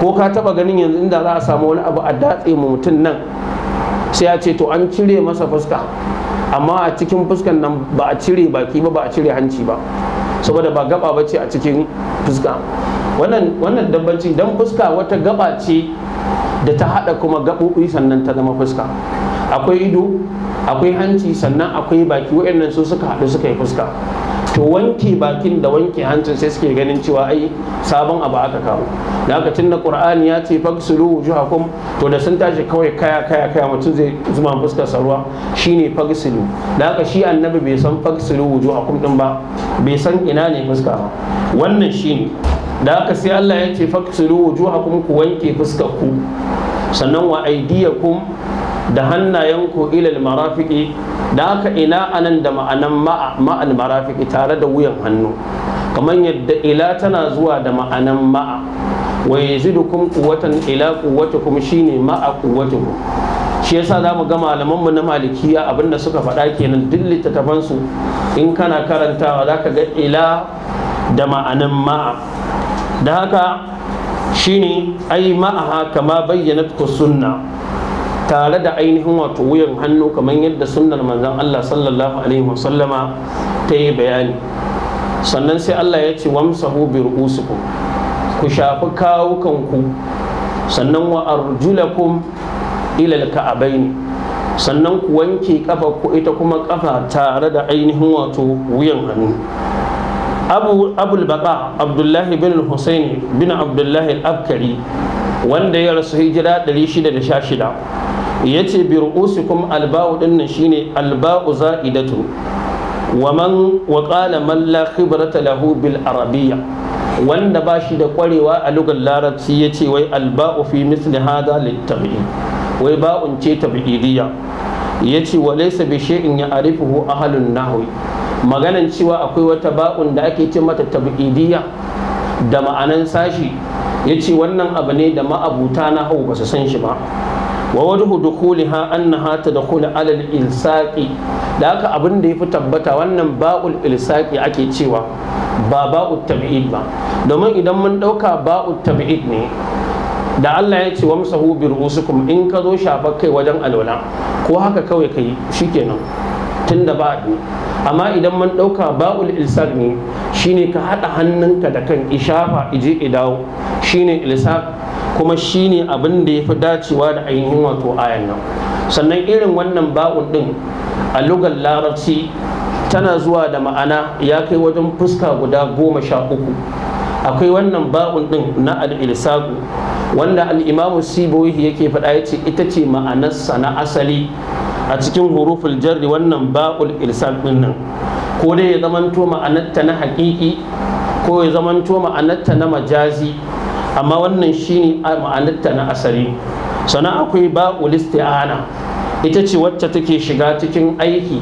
ko ka taba ganin yanzu inda za a samu wani abu a datse mu mutum nan sai ya ce to an cire masa fuska amma a cikin fuskan nan ba a cire baki ba ba a cire hanci ba saboda ba gaba ba ce a cikin fuska wannan wannan dabbanci dan fuska wata gaba ce da ta hada kuma gaɓoɓi sannan ta zama fuska akwai ido akwai hanci sannan akwai baki waɗannan su suka haɗu suka yi fuska to wanke bakin da wanke hancin sai suke ganin cewa ai sabon abu aka kawo da aka tunda qur'ani ya ce fagsulu wujuhakum to da sun tashi kawai kaya kaya kaya mutum zai zuma fuskar sa ruwa shine fagsulu da aka shi annabi bai san fagsulu wujuhakum din ba bai san ina ne fuska ba wannan shine da aka sai Allah ya ce fagsulu wujuhakum ku wanke fuskar ku sannan wa aidiyakum da hannayenku ilal marafiki da haka ina anan da ma'anan ma'al marafiki tare da wuyan hannu kamar yadda ila tana zuwa da ma'anan ma'a wa yazidukum quwwatan ila quwwatikum shine ma'a quwwatikum shi yasa za mu ga malamanmu na malikiya abinda suka faɗa kenan duk su in kana karantawa zaka ga ila da ma'anan ma'a da haka shine ai ma'a kama bayyana sunna tare da ainihin wato wuyan hannu kamar yadda sunnar manzon Allah sallallahu alaihi wasallama ta yi bayani sannan sai Allah ya ce wamsahu bi ru'usikum ku shafi ku, sannan wa arjulakum ila alka'abaini sannan ku wanke kafa ku ita kuma kafa tare da ainihin wato wuyan hannu abu abul baqa abdullahi bin husaini bin abdullahi al-abkari wanda ya rasu hijira 616 ya ce bi ru'usikum alba'u din nan shine alba'u za'idatu wa man wa qala man la khibrata lahu bil arabiyya wanda ba shi da kwarewa a lugar larabci ya ce wai alba'u fi misli hada littabi'i wai ba'un ce tabi'idiyya ya ce wa laysa bi shay'in ya'rifuhu ahlun nahwi maganan cewa akwai wata ba'un da ake ce mata tabi'idiyya da ma'anan sashi ya ce wannan abu ne da ma'abuta na hau ba su san shi ba wa wajhu dukuliha annaha tadkhulu ala al-ilsaqi da haka abin da ya fi tabbata wannan ba'ul ilsaƙi ake cewa ba ba'ut tab'id ba domin idan mun ɗauka ba'ut tab'id ne da Allah ya ce wamsahu bi in ka zo shafa kai wajen alwala ko haka kawai kai shikenan tun da ba amma idan man ɗauka ba'ul ilsaq ne shine ka haɗa hannunka da kan ishafa ije idawo shine ilsaq kuma shine abin da ya fi dacewa da ainihin wato ayan nan sannan irin wannan ba'ul ɗin a lugar larabci tana zuwa da ma'ana ya kai wajen fuska guda goma sha uku akwai wannan ba'un ɗin na al-ilsaqu wanda al-imamu siboyi yake faɗa ya ce ita ce ma'anarsa na asali a cikin huruful jarri wannan ba'ul ilsal din nan ko dai ya zamanto ma'anarta na haƙiƙi ko ya zamanto ma'anarta na majazi amma wannan shine ma'anarta na asali sannan akwai ba'ul isti'ana ita ce wacce take shiga cikin aiki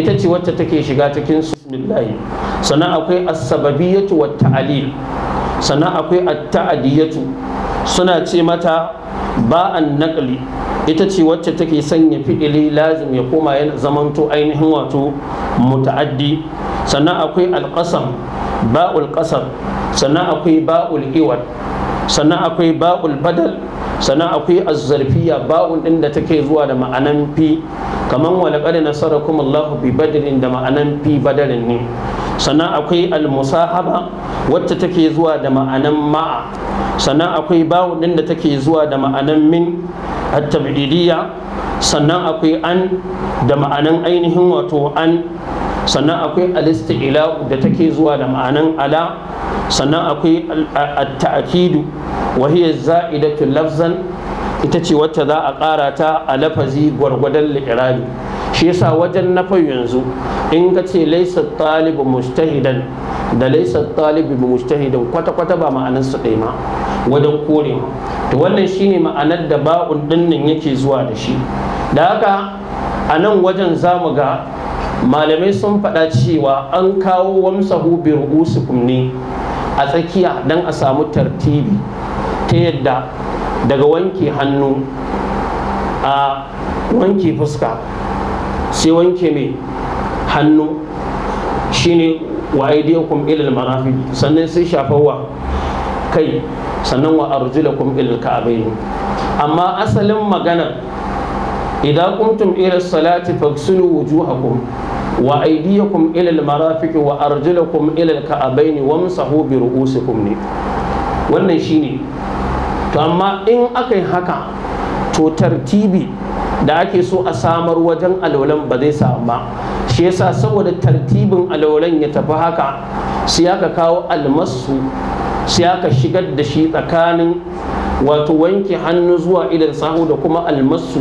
ita ce wacce take shiga cikin bismillahi sannan akwai as-sababiyatu wat ta'lil sannan akwai at-ta'diyatu suna ce mata ba an naƙali ita ce wacce take sanya fi'ili lazim ya koma ya zamanto ainihin wato muta'addi sannan akwai alƙasam ba'ul ƙasar sannan akwai ba'ul iwad sannan akwai ba'ul badal sannan akwai azzarfiya ba'un din da take zuwa da ma'anan fi kaman walaƙar nasarakum Allahu bi badrin da ma'anan fi badarin ne sannan akwai almusahaba wacce take zuwa da ma'anan ma'a sannan akwai bawo din da take zuwa da ma'anan min at sannan akwai an da ma'anan ainihin wato an sannan akwai al da take zuwa da ma'anan ala sannan akwai at-ta'kidu wa hiya za'idatu lafzan ita ce wacce za a ƙara ta a lafazi gwargwadon li'irabi shi yasa wajen na yanzu in ka ce laisa talibu mustahidan da laisa talibu mustahidan kwata-kwata ba ma'anar su dai ma wajen kore to wannan shine ma'anar da ba'un dinnan yake zuwa da shi da haka a nan wajen zamu ga malamai sun faɗa cewa an kawo wamsa bi ru'usikum ne a tsakiya don a samu tartibi ta yadda daga wanke hannu a wanke fuska sai wanke mai hannu shine wa kuma ilil marafi sannan sai shafawa kai sannan wa arjulakum ila ne amma asalin magana idan qumtum ila as-salati faghsilu wujuhakum wa aydiyakum ila al-marafiq wa arjulakum ila al-ka'abaini wamsahu bi ru'usikum ne wannan shine to amma in akai haka to tartibi da ake so a samar wajen alolan ba zai samu ba shi yasa saboda tartibin alolan ya tafi haka sai aka kawo almasu sai aka shigar da shi tsakanin wato wanke hannu zuwa idan sahu da kuma almasu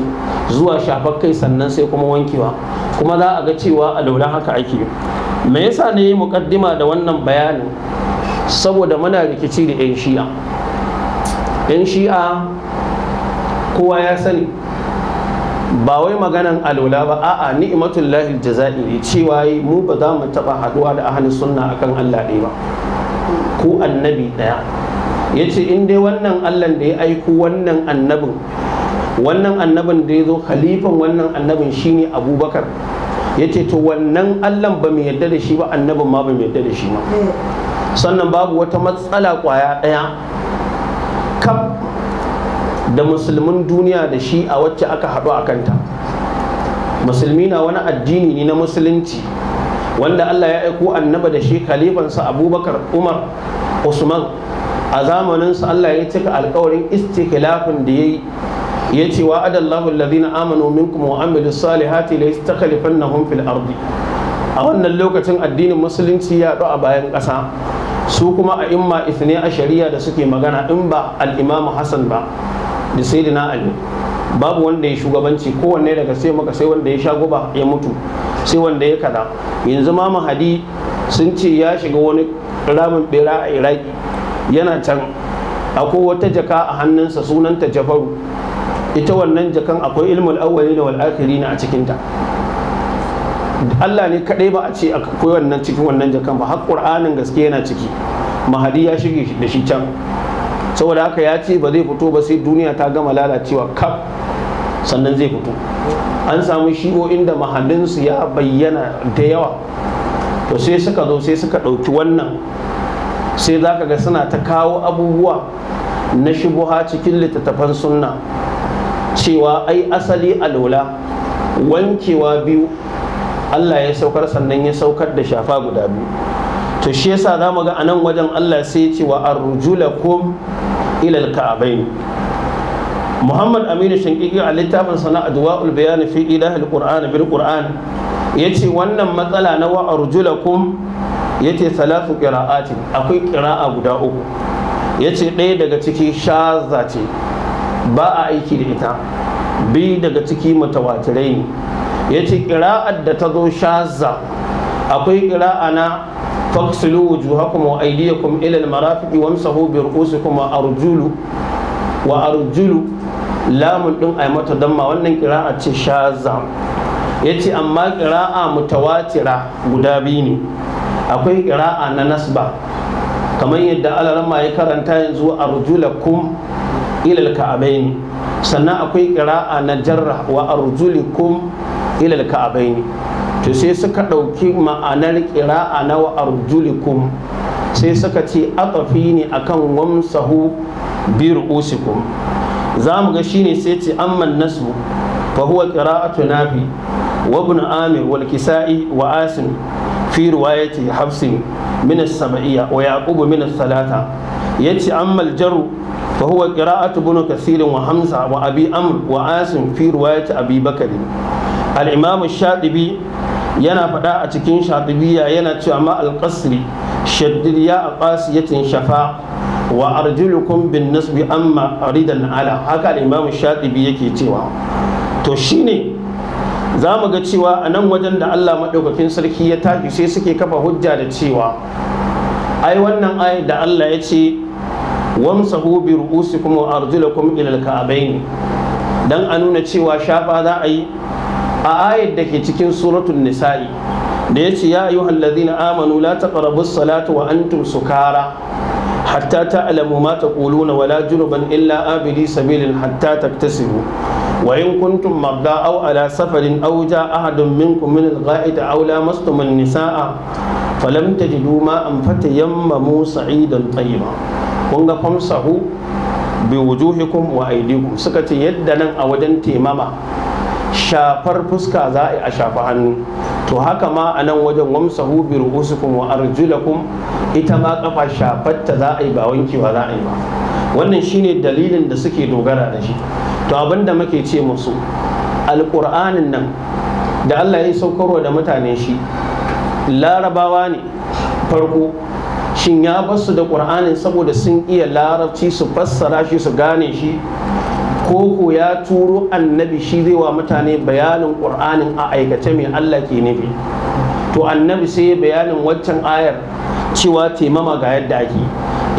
zuwa shafar kai sannan sai kuma wankewa kuma za a ga cewa alwalan haka ake me yasa ne muqaddima da wannan bayanin saboda muna rikici da 'yan shi'a 'yan shi'a kowa ya sani ba wai maganan alola ba a'a ni'matul lahi jaza'i cewa mu ba za mu taba haduwa da ahli sunna akan Allah ɗaya ba ku annabi ɗaya yace in dai wannan Allah da ya aiku wannan annabin wannan annabin da ya zo khalifan wannan annabin shine Abubakar yace to wannan Allah ba mai yadda da shi ba annabin ma ba mai yadda da shi ba eh. sannan babu wata matsala kwaya ɗaya da musulmin duniya da shi a wacce aka haɗu a kanta musulmi na wani addini ne na musulunci wanda Allah ya aiko annaba da shi khalifansa abubakar umar usman a zamaninsa Allah ya cika alkawarin istiklafin da ya yi ya ce wa adallahu alladhina amanu minkum wa amilu salihati la yastakhlifannahum fil ardi a wannan lokacin addinin musulunci ya a bayan ƙasa su kuma a imma ithne a shari'a da suke magana in ba al-imamu hasan ba da sayyidina ali babu wanda ya shugabanci kowanne daga sai maka sai wanda ya sha guba ya mutu sai wanda ya kada yanzu ma mahadi sun ce ya shiga wani ramin bera a iraki yana can akwai wata jaka a hannunsa sunanta jafaru ita wannan jakan akwai ilmul awwali da wal akhiri a cikinta Allah ne kadai ba a ce akwai wannan cikin wannan jakan ba har Qur'anin gaske yana ciki mahadi ya shige da shi can saboda haka ya ce ba zai fito ba sai duniya ta gama lalacewa kaf sannan zai fito an samu shi'o'in da mahallinsu ya bayyana da yawa to sai suka zo sai suka ɗauki wannan sai za ka ga suna ta kawo abubuwa na shubuha cikin littattafan sunna cewa ai asali alola wankewa biyu Allah ya saukar sannan ya saukar da shafa guda biyu to shi yasa za mu ga a nan wajen Allah sai ya ce wa ko. ilal ka'abain muhammad aminu shankiki a littafin sana adwa'ul bayani fi ilahil qur'an bil qur'an yace wannan matsala na wa arjulakum yace salatu qira'ati akwai qira'a guda uku yace ɗaya daga ciki shaza ce ba a aiki da ita bi daga ciki mutawatirai ne yace qira'ar da ta zo shaza akwai ƙira'a na فاغسلوا وجوهكم وأيديكم إلى المرافق وامسحوا برؤوسكم وأرجلوا وأرجلوا lamun din ai mata damma wannan kira'a ce shaza yace amma kira'a mutawatira guda biyu ne akwai kira'a na nasba kamar yadda alarama ya karanta yanzu arjulakum ilal ka'abaini sannan akwai kira'a na jarra wa arjulikum ilal ka'abaini to sai suka ɗauki ma'anar ƙira'a na wa arjulikum sai suka ce atafi ne akan wamsahu bi ru'usikum za mu ga shine sai ce amman nasu fa huwa qira'atu nafi wa ibn amir wal kisa'i wa asim fi riwayati hafsin min as-sab'iyya wa yaqub min as-salata yace amma al-jarru fa huwa qira'atu ibn kathir wa hamza wa abi amr wa asim fi riwayati abi bakr al-imam ash-shatibi yana faɗa a cikin shatibiya yana cewa ma alƙasri ya a ƙasiyatin shafa wa arjulukum bin nasbi amma aridan ala haka al'imamu shatibi yake cewa to shine za mu ga cewa a nan wajen da allah maɗaukakin sarki ya tafi sai suke kafa hujja da cewa ai wannan ayat da allah ya ce wamsahu bi ru'usikum wa arjulakum ila al-ka'bayn dan a nuna cewa shafa za a yi a ayat da ke cikin suratul nisa'i da ya ce ya yi hallazina amanu la taqrabu Salatu wa antum sukara hatta ta'lamu ma taquluna wala junuban illa abidi sabilin hatta taktasibu وإن كنتم مرضى أو على سفر أو جاء أحد aula من الغائط أو لامستم النساء فلم تجدوا ماء فتيمموا صعيدا طيبا kun ga famsahu bi wujuhikum wa aydikum suka ce yadda nan a wajen temama shafar fuska za a yi shafa hannu to haka ma a nan wajen wamsahu bi ru'usikum wa arjulakum ita ma kafa shafarta za a yi ba wankewa za a yi ba wannan shine dalilin da suke dogara da shi to abinda muke ce musu alƙur'anin nan da Allah ya saukarwa da mutane shi larabawa ne farko shin ya basu da ƙur'anin saboda sun iya larabci su fassara shi su gane shi koko ya turo annabi shi zai wa mutane bayanin ƙur'anin a aikace mai Allah ke nufi to annabi sai bayanin waccan ayar cewa taimama ga yadda ake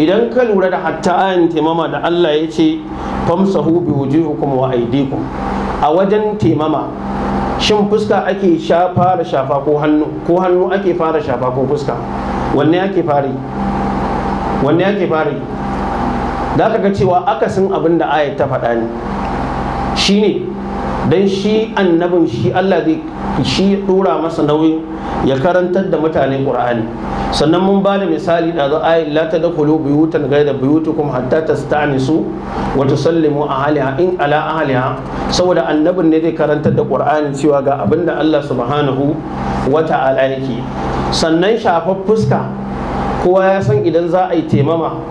idan ka lura da hatta ayan taimama da Allah ya ce famsahu bi wujuhikum wa aydikum a wajen taimama shin fuska ake fara shafa ko hannu ko hannu ake fara shafa ko fuska wanne ake wanne ake fari da ka ga cewa akasin abin da ayat ta faɗa ne ne don shi annabin shi Allah zai shi ya masa nauyin ya karantar da mutane ƙur'ani. sannan mun ba da misali da za ayi la tadkhulu buyutan ghayra buyutikum hatta tasta'nisu wa tusallimu ahliha in ala ahliha saboda annabin ne zai karantar da ƙur'ani cewa ga abin da Allah subhanahu wa ta'ala yake sannan shafar fuska kowa ya san idan za a yi temama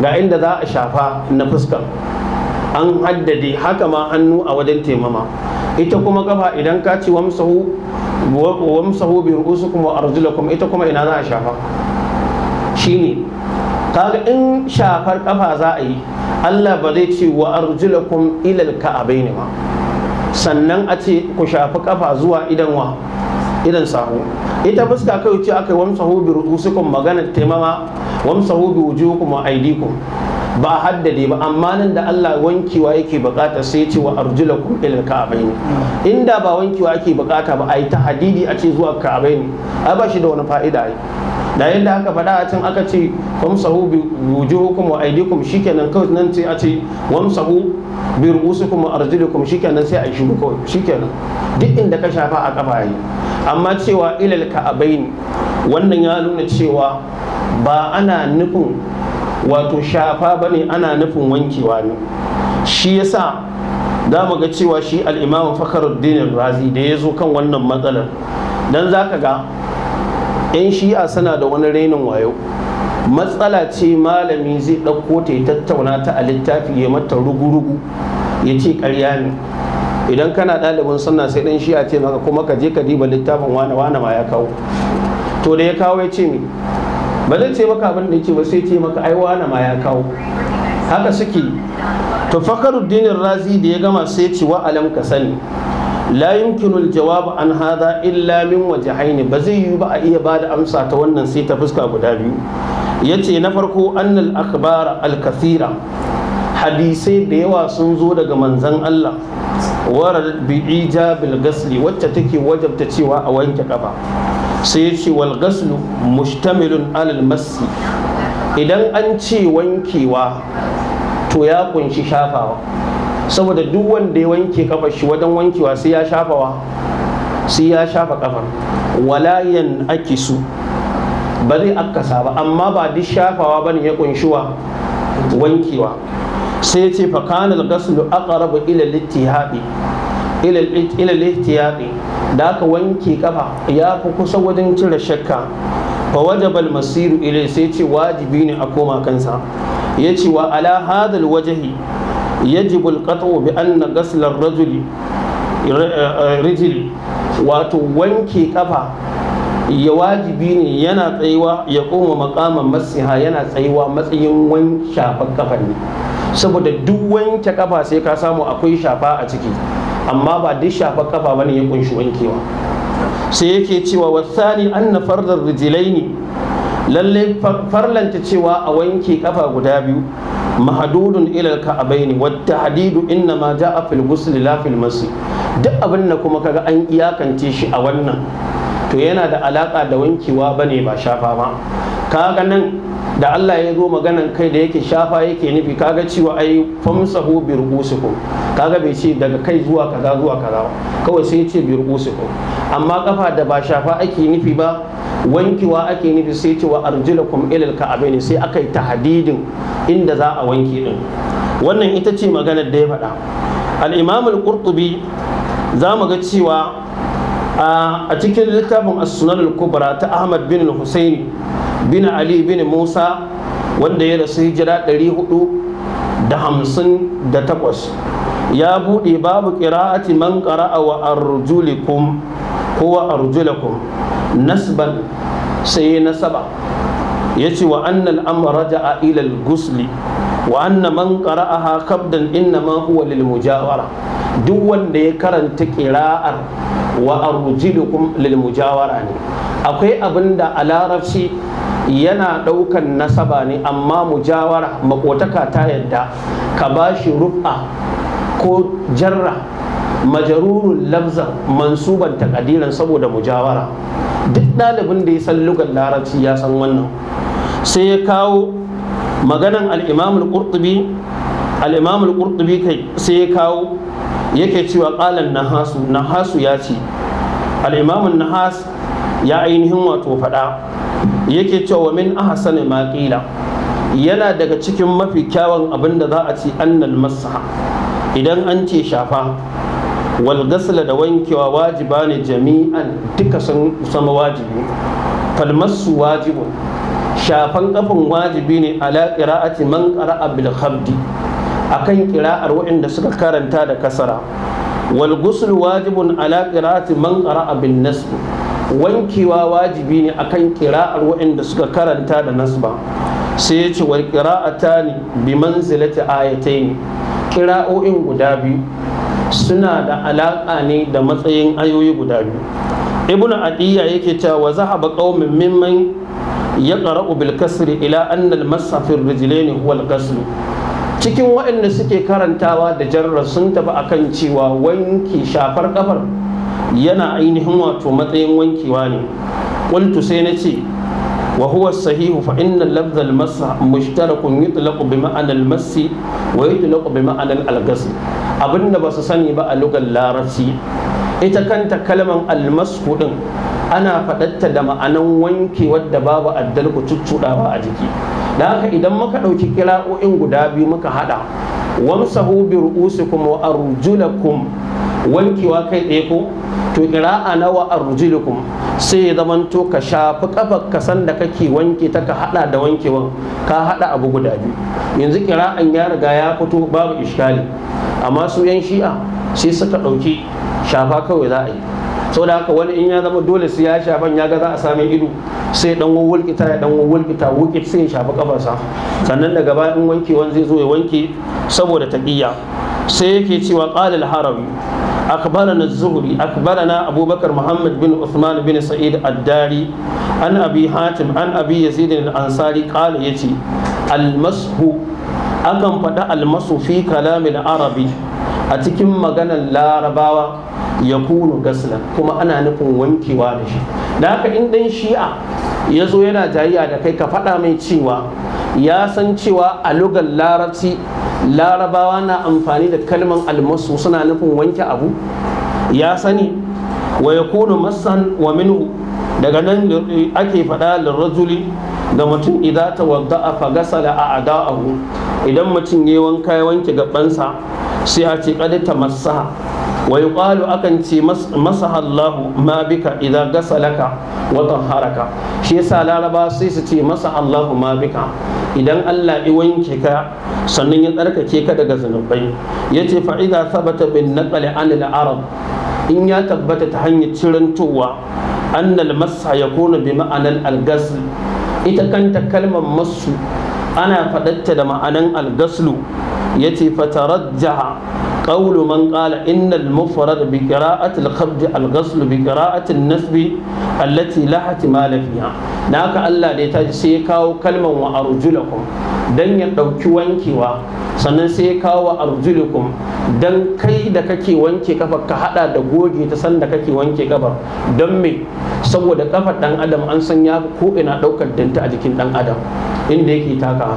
ga inda za a shafa na fuska an haddade haka ma hannu a wajen taimama ita kuma kafa idan ka ci wamsahu wamsahu bi ru'usikum wa arjulakum ita kuma ina za a shafa shine kaga in shafar kafa za a yi Allah ba zai ce wa arjulakum ilal ka'abaini ma sannan a ce ku shafi kafa zuwa idan wa idan sahu ita fuska kai ce aka yi wamsahu bi ru'usikum maganar taimama wamsahu bi wujuhukum wa aidikum ba a haddade ba amma nan da Allah wankewa yake bukata sai ce wa arjulakum ilal ka'abain inda ba wankewa yake bukata ba ai ta hadidi a ce zuwa ka'abain ai ba shi da wani fa'ida ai da yadda aka faɗa a can aka ce wamsahu bi wujuhukum wa aydikum shikenan kawai nan sai a ce wamsahu bi ru'usikum wa arjulukum shikenan sai a yi kawai shikenan duk inda ka shafa a kafa yi amma cewa ilal ka'abain wannan ya nuna cewa ba ana nufin wato shafa ba ne ana nufin wankewa ne shi yasa za mu ga cewa shi al'imamu fakhruddin razi da ya zo kan wannan matsalar don za ka ga 'yan shi'a suna da wani rainin wayo matsala ce malami zai ɗauko ta tattauna ta a littafi ya mata rugu-rugu ya ce ƙarya ne idan kana ɗalibin suna sai ɗan shi'a ce maka kuma ka je ka diba littafin wane wane ma ya kawo to da ya kawo ya ce ba zai ce maka abin da yake ba sai ce maka ai wani ma ya kawo haka suke to fakaruddin razi da ya gama sai ce wa alam ka sani la yumkinu jawab an hadha illa min wajhain ba zai yi ba a iya ba da amsa ta wannan sai ta fuska guda biyu yace na farko annal akhbar al hadisai da yawa sun zo daga manzan Allah warar bi ijabil gasli wacce take wajabta cewa a wanke kafa sai ce wal mustamilun alal masi idan an ce wankewa to ya kunshi shafawa saboda duk wanda ya wanke kafar shi wajen wankewa sai ya shafawa sai ya shafa kafar walayan akisu ba zai akasa ba amma ba duk shafawa ne ya kunshiwa wankewa sai ce fa gaslu al aka aqrabu ila al ilal ihtiyati da aka wanke kafa ya fi kusa wajen cire shakka fa wajabal masiru ilai sai ce wajibi ne a koma kansa ya ce wa ala hadal wajahi yajibu alqat'u bi anna ghasl ar-rajuli rijli wato wanke kafa ya wajibi ne yana tsayuwa ya koma makaman masiha yana tsayuwa matsayin wani shafan kafa ne saboda duk wanke kafa sai ka samu akwai shafa a ciki amma ba duk shafa kafa ne ya kunshi wankewa sai yake cewa wasani anna fardar rijilaini lallai farlanta cewa a wanke kafa guda biyu mahadudun ilal a wata hadidu inna ma ja'a fil ghusl la fil masi duk abin da kuma kaga an iyakance shi a wannan to yana da alaka da wankewa ne ba shafa ba kaga nan da Allah ya zo maganan kai da yake shafa yake nufi kaga cewa ai famsahu bi rubusikum kaga bai ce daga kai zuwa kaza zuwa kaza kawai sai ya ce bi rubusikum amma kafa da ba shafa ake nufi ba wankewa ake nufi sai ce wa arjulakum ilal ka'abaini sai aka yi tahdidin inda za a wanke din wannan ita ce maganar da ya faɗa al-imam al-qurtubi za mu ga cewa a cikin littafin as-sunan al-kubra ta ahmad bin Husaini bin ali bin musa wanda ya rasu hijira 458 ya buɗe babu qira'ati man qara'a wa arjulikum ko wa arjulakum nasban sai nasaba yace wa annal amra ja'a ila al-ghusli wa anna man ha kabdan inna ma huwa lil mujawara duk wanda ya karanta kira'ar wa arjilukum lil mujawara ne akwai abin da a larabci yana ɗaukan nasaba ne amma mujawara makotaka ta yadda ka bashi rufa ko jarra majarurun lafza mansuban takadiran saboda mujawara duk ɗalibin da ya san lugar larabci ya san wannan sai ya kawo maganan al'imamul qurtubi al-imam kai sai ya kawo yake cewa qalan nahasu nahasu ya ce al-imam nahas ya ainihin wato faɗa yake cewa min ahsani ma yana daga cikin mafi kyawun abin da za a ci annal masaha idan an ce shafa wal gasla da wankewa wajiba ne jami'an duka sun sama wajibi falmassu wajibun shafan kafin wajibi ne ala ƙira'ati man qara'a bil khabdi akan kira'ar waɗanda suka karanta da kasara wal wajibin wajibun ala qira'ati man qara'a bin nasb wankewa wajibi ne akan kira'ar waɗanda suka karanta da nasba sai ya ce wal qira'atani bi manzilati ayatayn kira'o'in guda biyu suna da alaƙa ne da matsayin ayoyi guda biyu ibnu adiyya yake cewa zahaba qaumin mimman يقرأ بالكسر إلى أن المس في الرجلين هو cikin waɗanda suke karantawa da jarra sun tafi akan cewa wanki shafar kafar yana ainihin wato matsayin wankewa ne qultu sai na ce wa huwa sahihu fa inna lafzal masa mushtarakun yutlaqu bi ma'ana masi wa yutlaqu bi ma'anar algasi. abinda ba su sani ba a lugar larabci ita kanta kalman almasku mas ana faɗatta da ma'anan wanki wadda babu ku cuccuɗawa a jiki da haka idan muka ɗauki kira'o'in guda biyu muka haɗa wamsahu bi ru'usikum wa arjulakum wankewa kai ɗaya ko to ƙira'a na wa arjulukum sai ya zamanto ka shafi kafar ka da kake wanke ta ka hada da wankewan ka haɗa abu guda biyu yanzu ƙira'an ya riga ya fito babu iskali amma su yan shi'a sai suka ɗauki shafa kawai za a yi da haka wani in ya zama dole sai ya shafan ya ga za a sami ido sai dan wulkita ya dan wulkita wukit sai ya shafi kafarsa sannan daga baya in wankewan zai zo ya wanke saboda taqiyya sai yake cewa qala al-harawi أخبرنا الزهري أخبرنا أبو بكر محمد بن عثمان بن سعيد الداري عن أبي حاتم عن أبي يزيد الأنصاري قال يتي المسح أكم فدا المسح في كلام العربي a cikin maganar larabawa ya kunu gasla kuma ana nufin wankewa da shi da haka in ɗan shi'a ya zo yana jayiya da kai ka faɗa mai cewa ya san cewa a lugar larabci larabawa na amfani da kalman almasu suna nufin wanke abu ya sani wa ya kunu masan wa minhu daga nan ake faɗa lirrajuli da mutum idan ta wadda a fagasala a ada'ahu idan mutum ya wanka ya wanke gabansa sai a ce qad masaha. wa ƙwalo akan ce masaha Allah ma bika idza gasalaka wa haraka. shi yasa laraba sai su ce masa Allah ma bika idan Allah ya wanke ka sannan ya tsarkake ka daga zanubai yace fa idza thabata bin naqli an al arab in ya tabbata ta hanyar cirantowa annal masa yakunu bi ma'anar al ita kanta kalmar masu ana faɗatta da ma'anan al يتي فترجع قول من قال إن المفرد بقراءة الخفض الغسل بقراءة النسب التي لا احتمال فيها ناك الله دي تاج سي كاو كلمة وأرجلكم دن يدوكي وانكيوا sannan sai ya kawo a arjulukum don kai da kake wanke kafa ka hada da goge ta san da kake wanke kafa don me saboda kafar dan adam an san ya ko ina daukar danta a jikin dan adam inda yake taka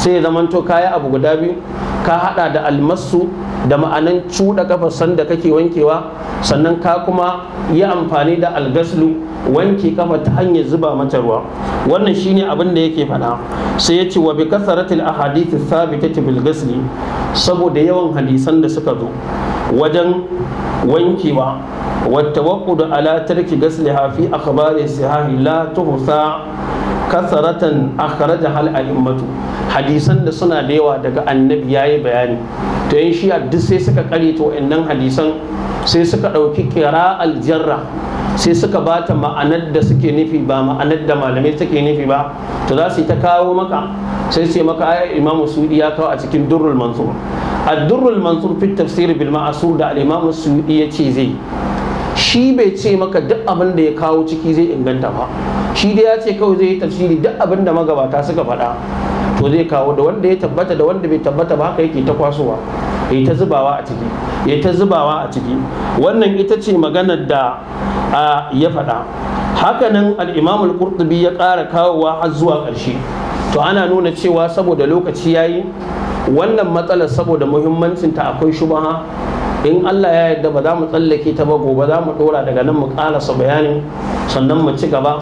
sai ya zamanto kaya abu guda biyu ka hada da almasu da ma'anan cuɗa kafar sanda kake wankewa sannan ka kuma yi amfani da algaslu wanke kafa ta hanyar zuba mata ruwa wannan shine abin da yake faɗa sai ya ce wa bi kasaratil ahadith thabitati bil saboda yawan hadisan da suka zo wajen wankewa wa tawaqqudu ala tarki ghasliha fi akhbari sahihi la tuhsa kasaratan akharaja hal a'immatu hadisan da suna da yawa daga annabi yayi bayani to yan shi duk sai suka karye to wayannan hadisan sai suka dauki kira al jarra sai suka bata ma'anar da suke nufi ba ma'anar da malamai suke nufi ba to za su yi ta kawo maka sai sai maka ayar imamu suudi ya kawo a cikin durrul mansur ad durrul mansur fi tafsir bil ma'asur da al imamu suudi ya ce zai shi bai ce maka duk abin da ya kawo ciki zai inganta ba shi dai ya ce kawai zai yi tafsiri duk abin da magabata suka faɗa to zai kawo da wanda ya tabbata da wanda bai tabbata ba haka yake ta kwasowa ya ta zubawa a ciki ya ta zubawa a ciki wannan ita ce maganar da ya faɗa hakanan nan al-qurtubi ya ƙara kawowa har zuwa ƙarshe to ana nuna cewa saboda lokaci yayi wannan matsalar saboda muhimmancinta akwai shubaha in Allah ya yarda ba za mu tsallake ta ba gobe za mu dora daga nan mu ƙalasa bayanin sannan mu ci gaba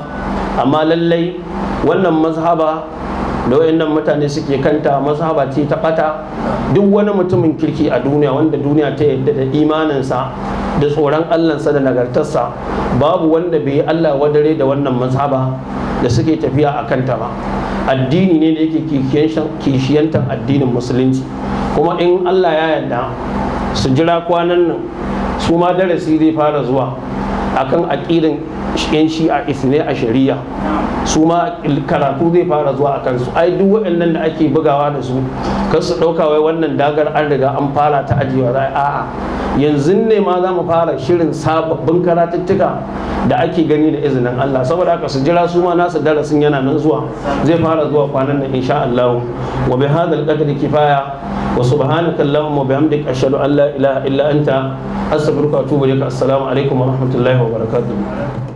amma lallai wannan mazhaba da wayannan mutane suke kanta mazhaba ce ta ɓata. duk wani mutumin kirki a duniya wanda duniya ta yarda da imaninsa da tsoron allansa da nagartarsa babu wanda bai yi Allah wadare da wannan mazhaba da suke tafiya a kanta ba addini ne da yake kishiyantar addinin musulunci kuma in Allah ya yarda su jira kwanan nan su ma darasi zai fara zuwa akan aƙidin yan shi'a isne a shari'a su ma karatu zai fara zuwa a kansu ai duk waɗannan da ake bugawa da su kar su ɗauka wai wannan dagar an riga an fara ta ajiyewa za a'a yanzu ne ma za mu fara shirin sababbin karatuttuka da ake gani da izinin Allah saboda haka su jira su ma nasu darasin yana nan zuwa zai fara zuwa kwanan nan insha Allah wa bi hadal qadri kifaya wa subhanaka allahumma wa bihamdika ashhadu an la ilaha illa anta astaghfiruka wa atubu ilaik assalamu alaikum wa rahmatullahi wabarakatuh.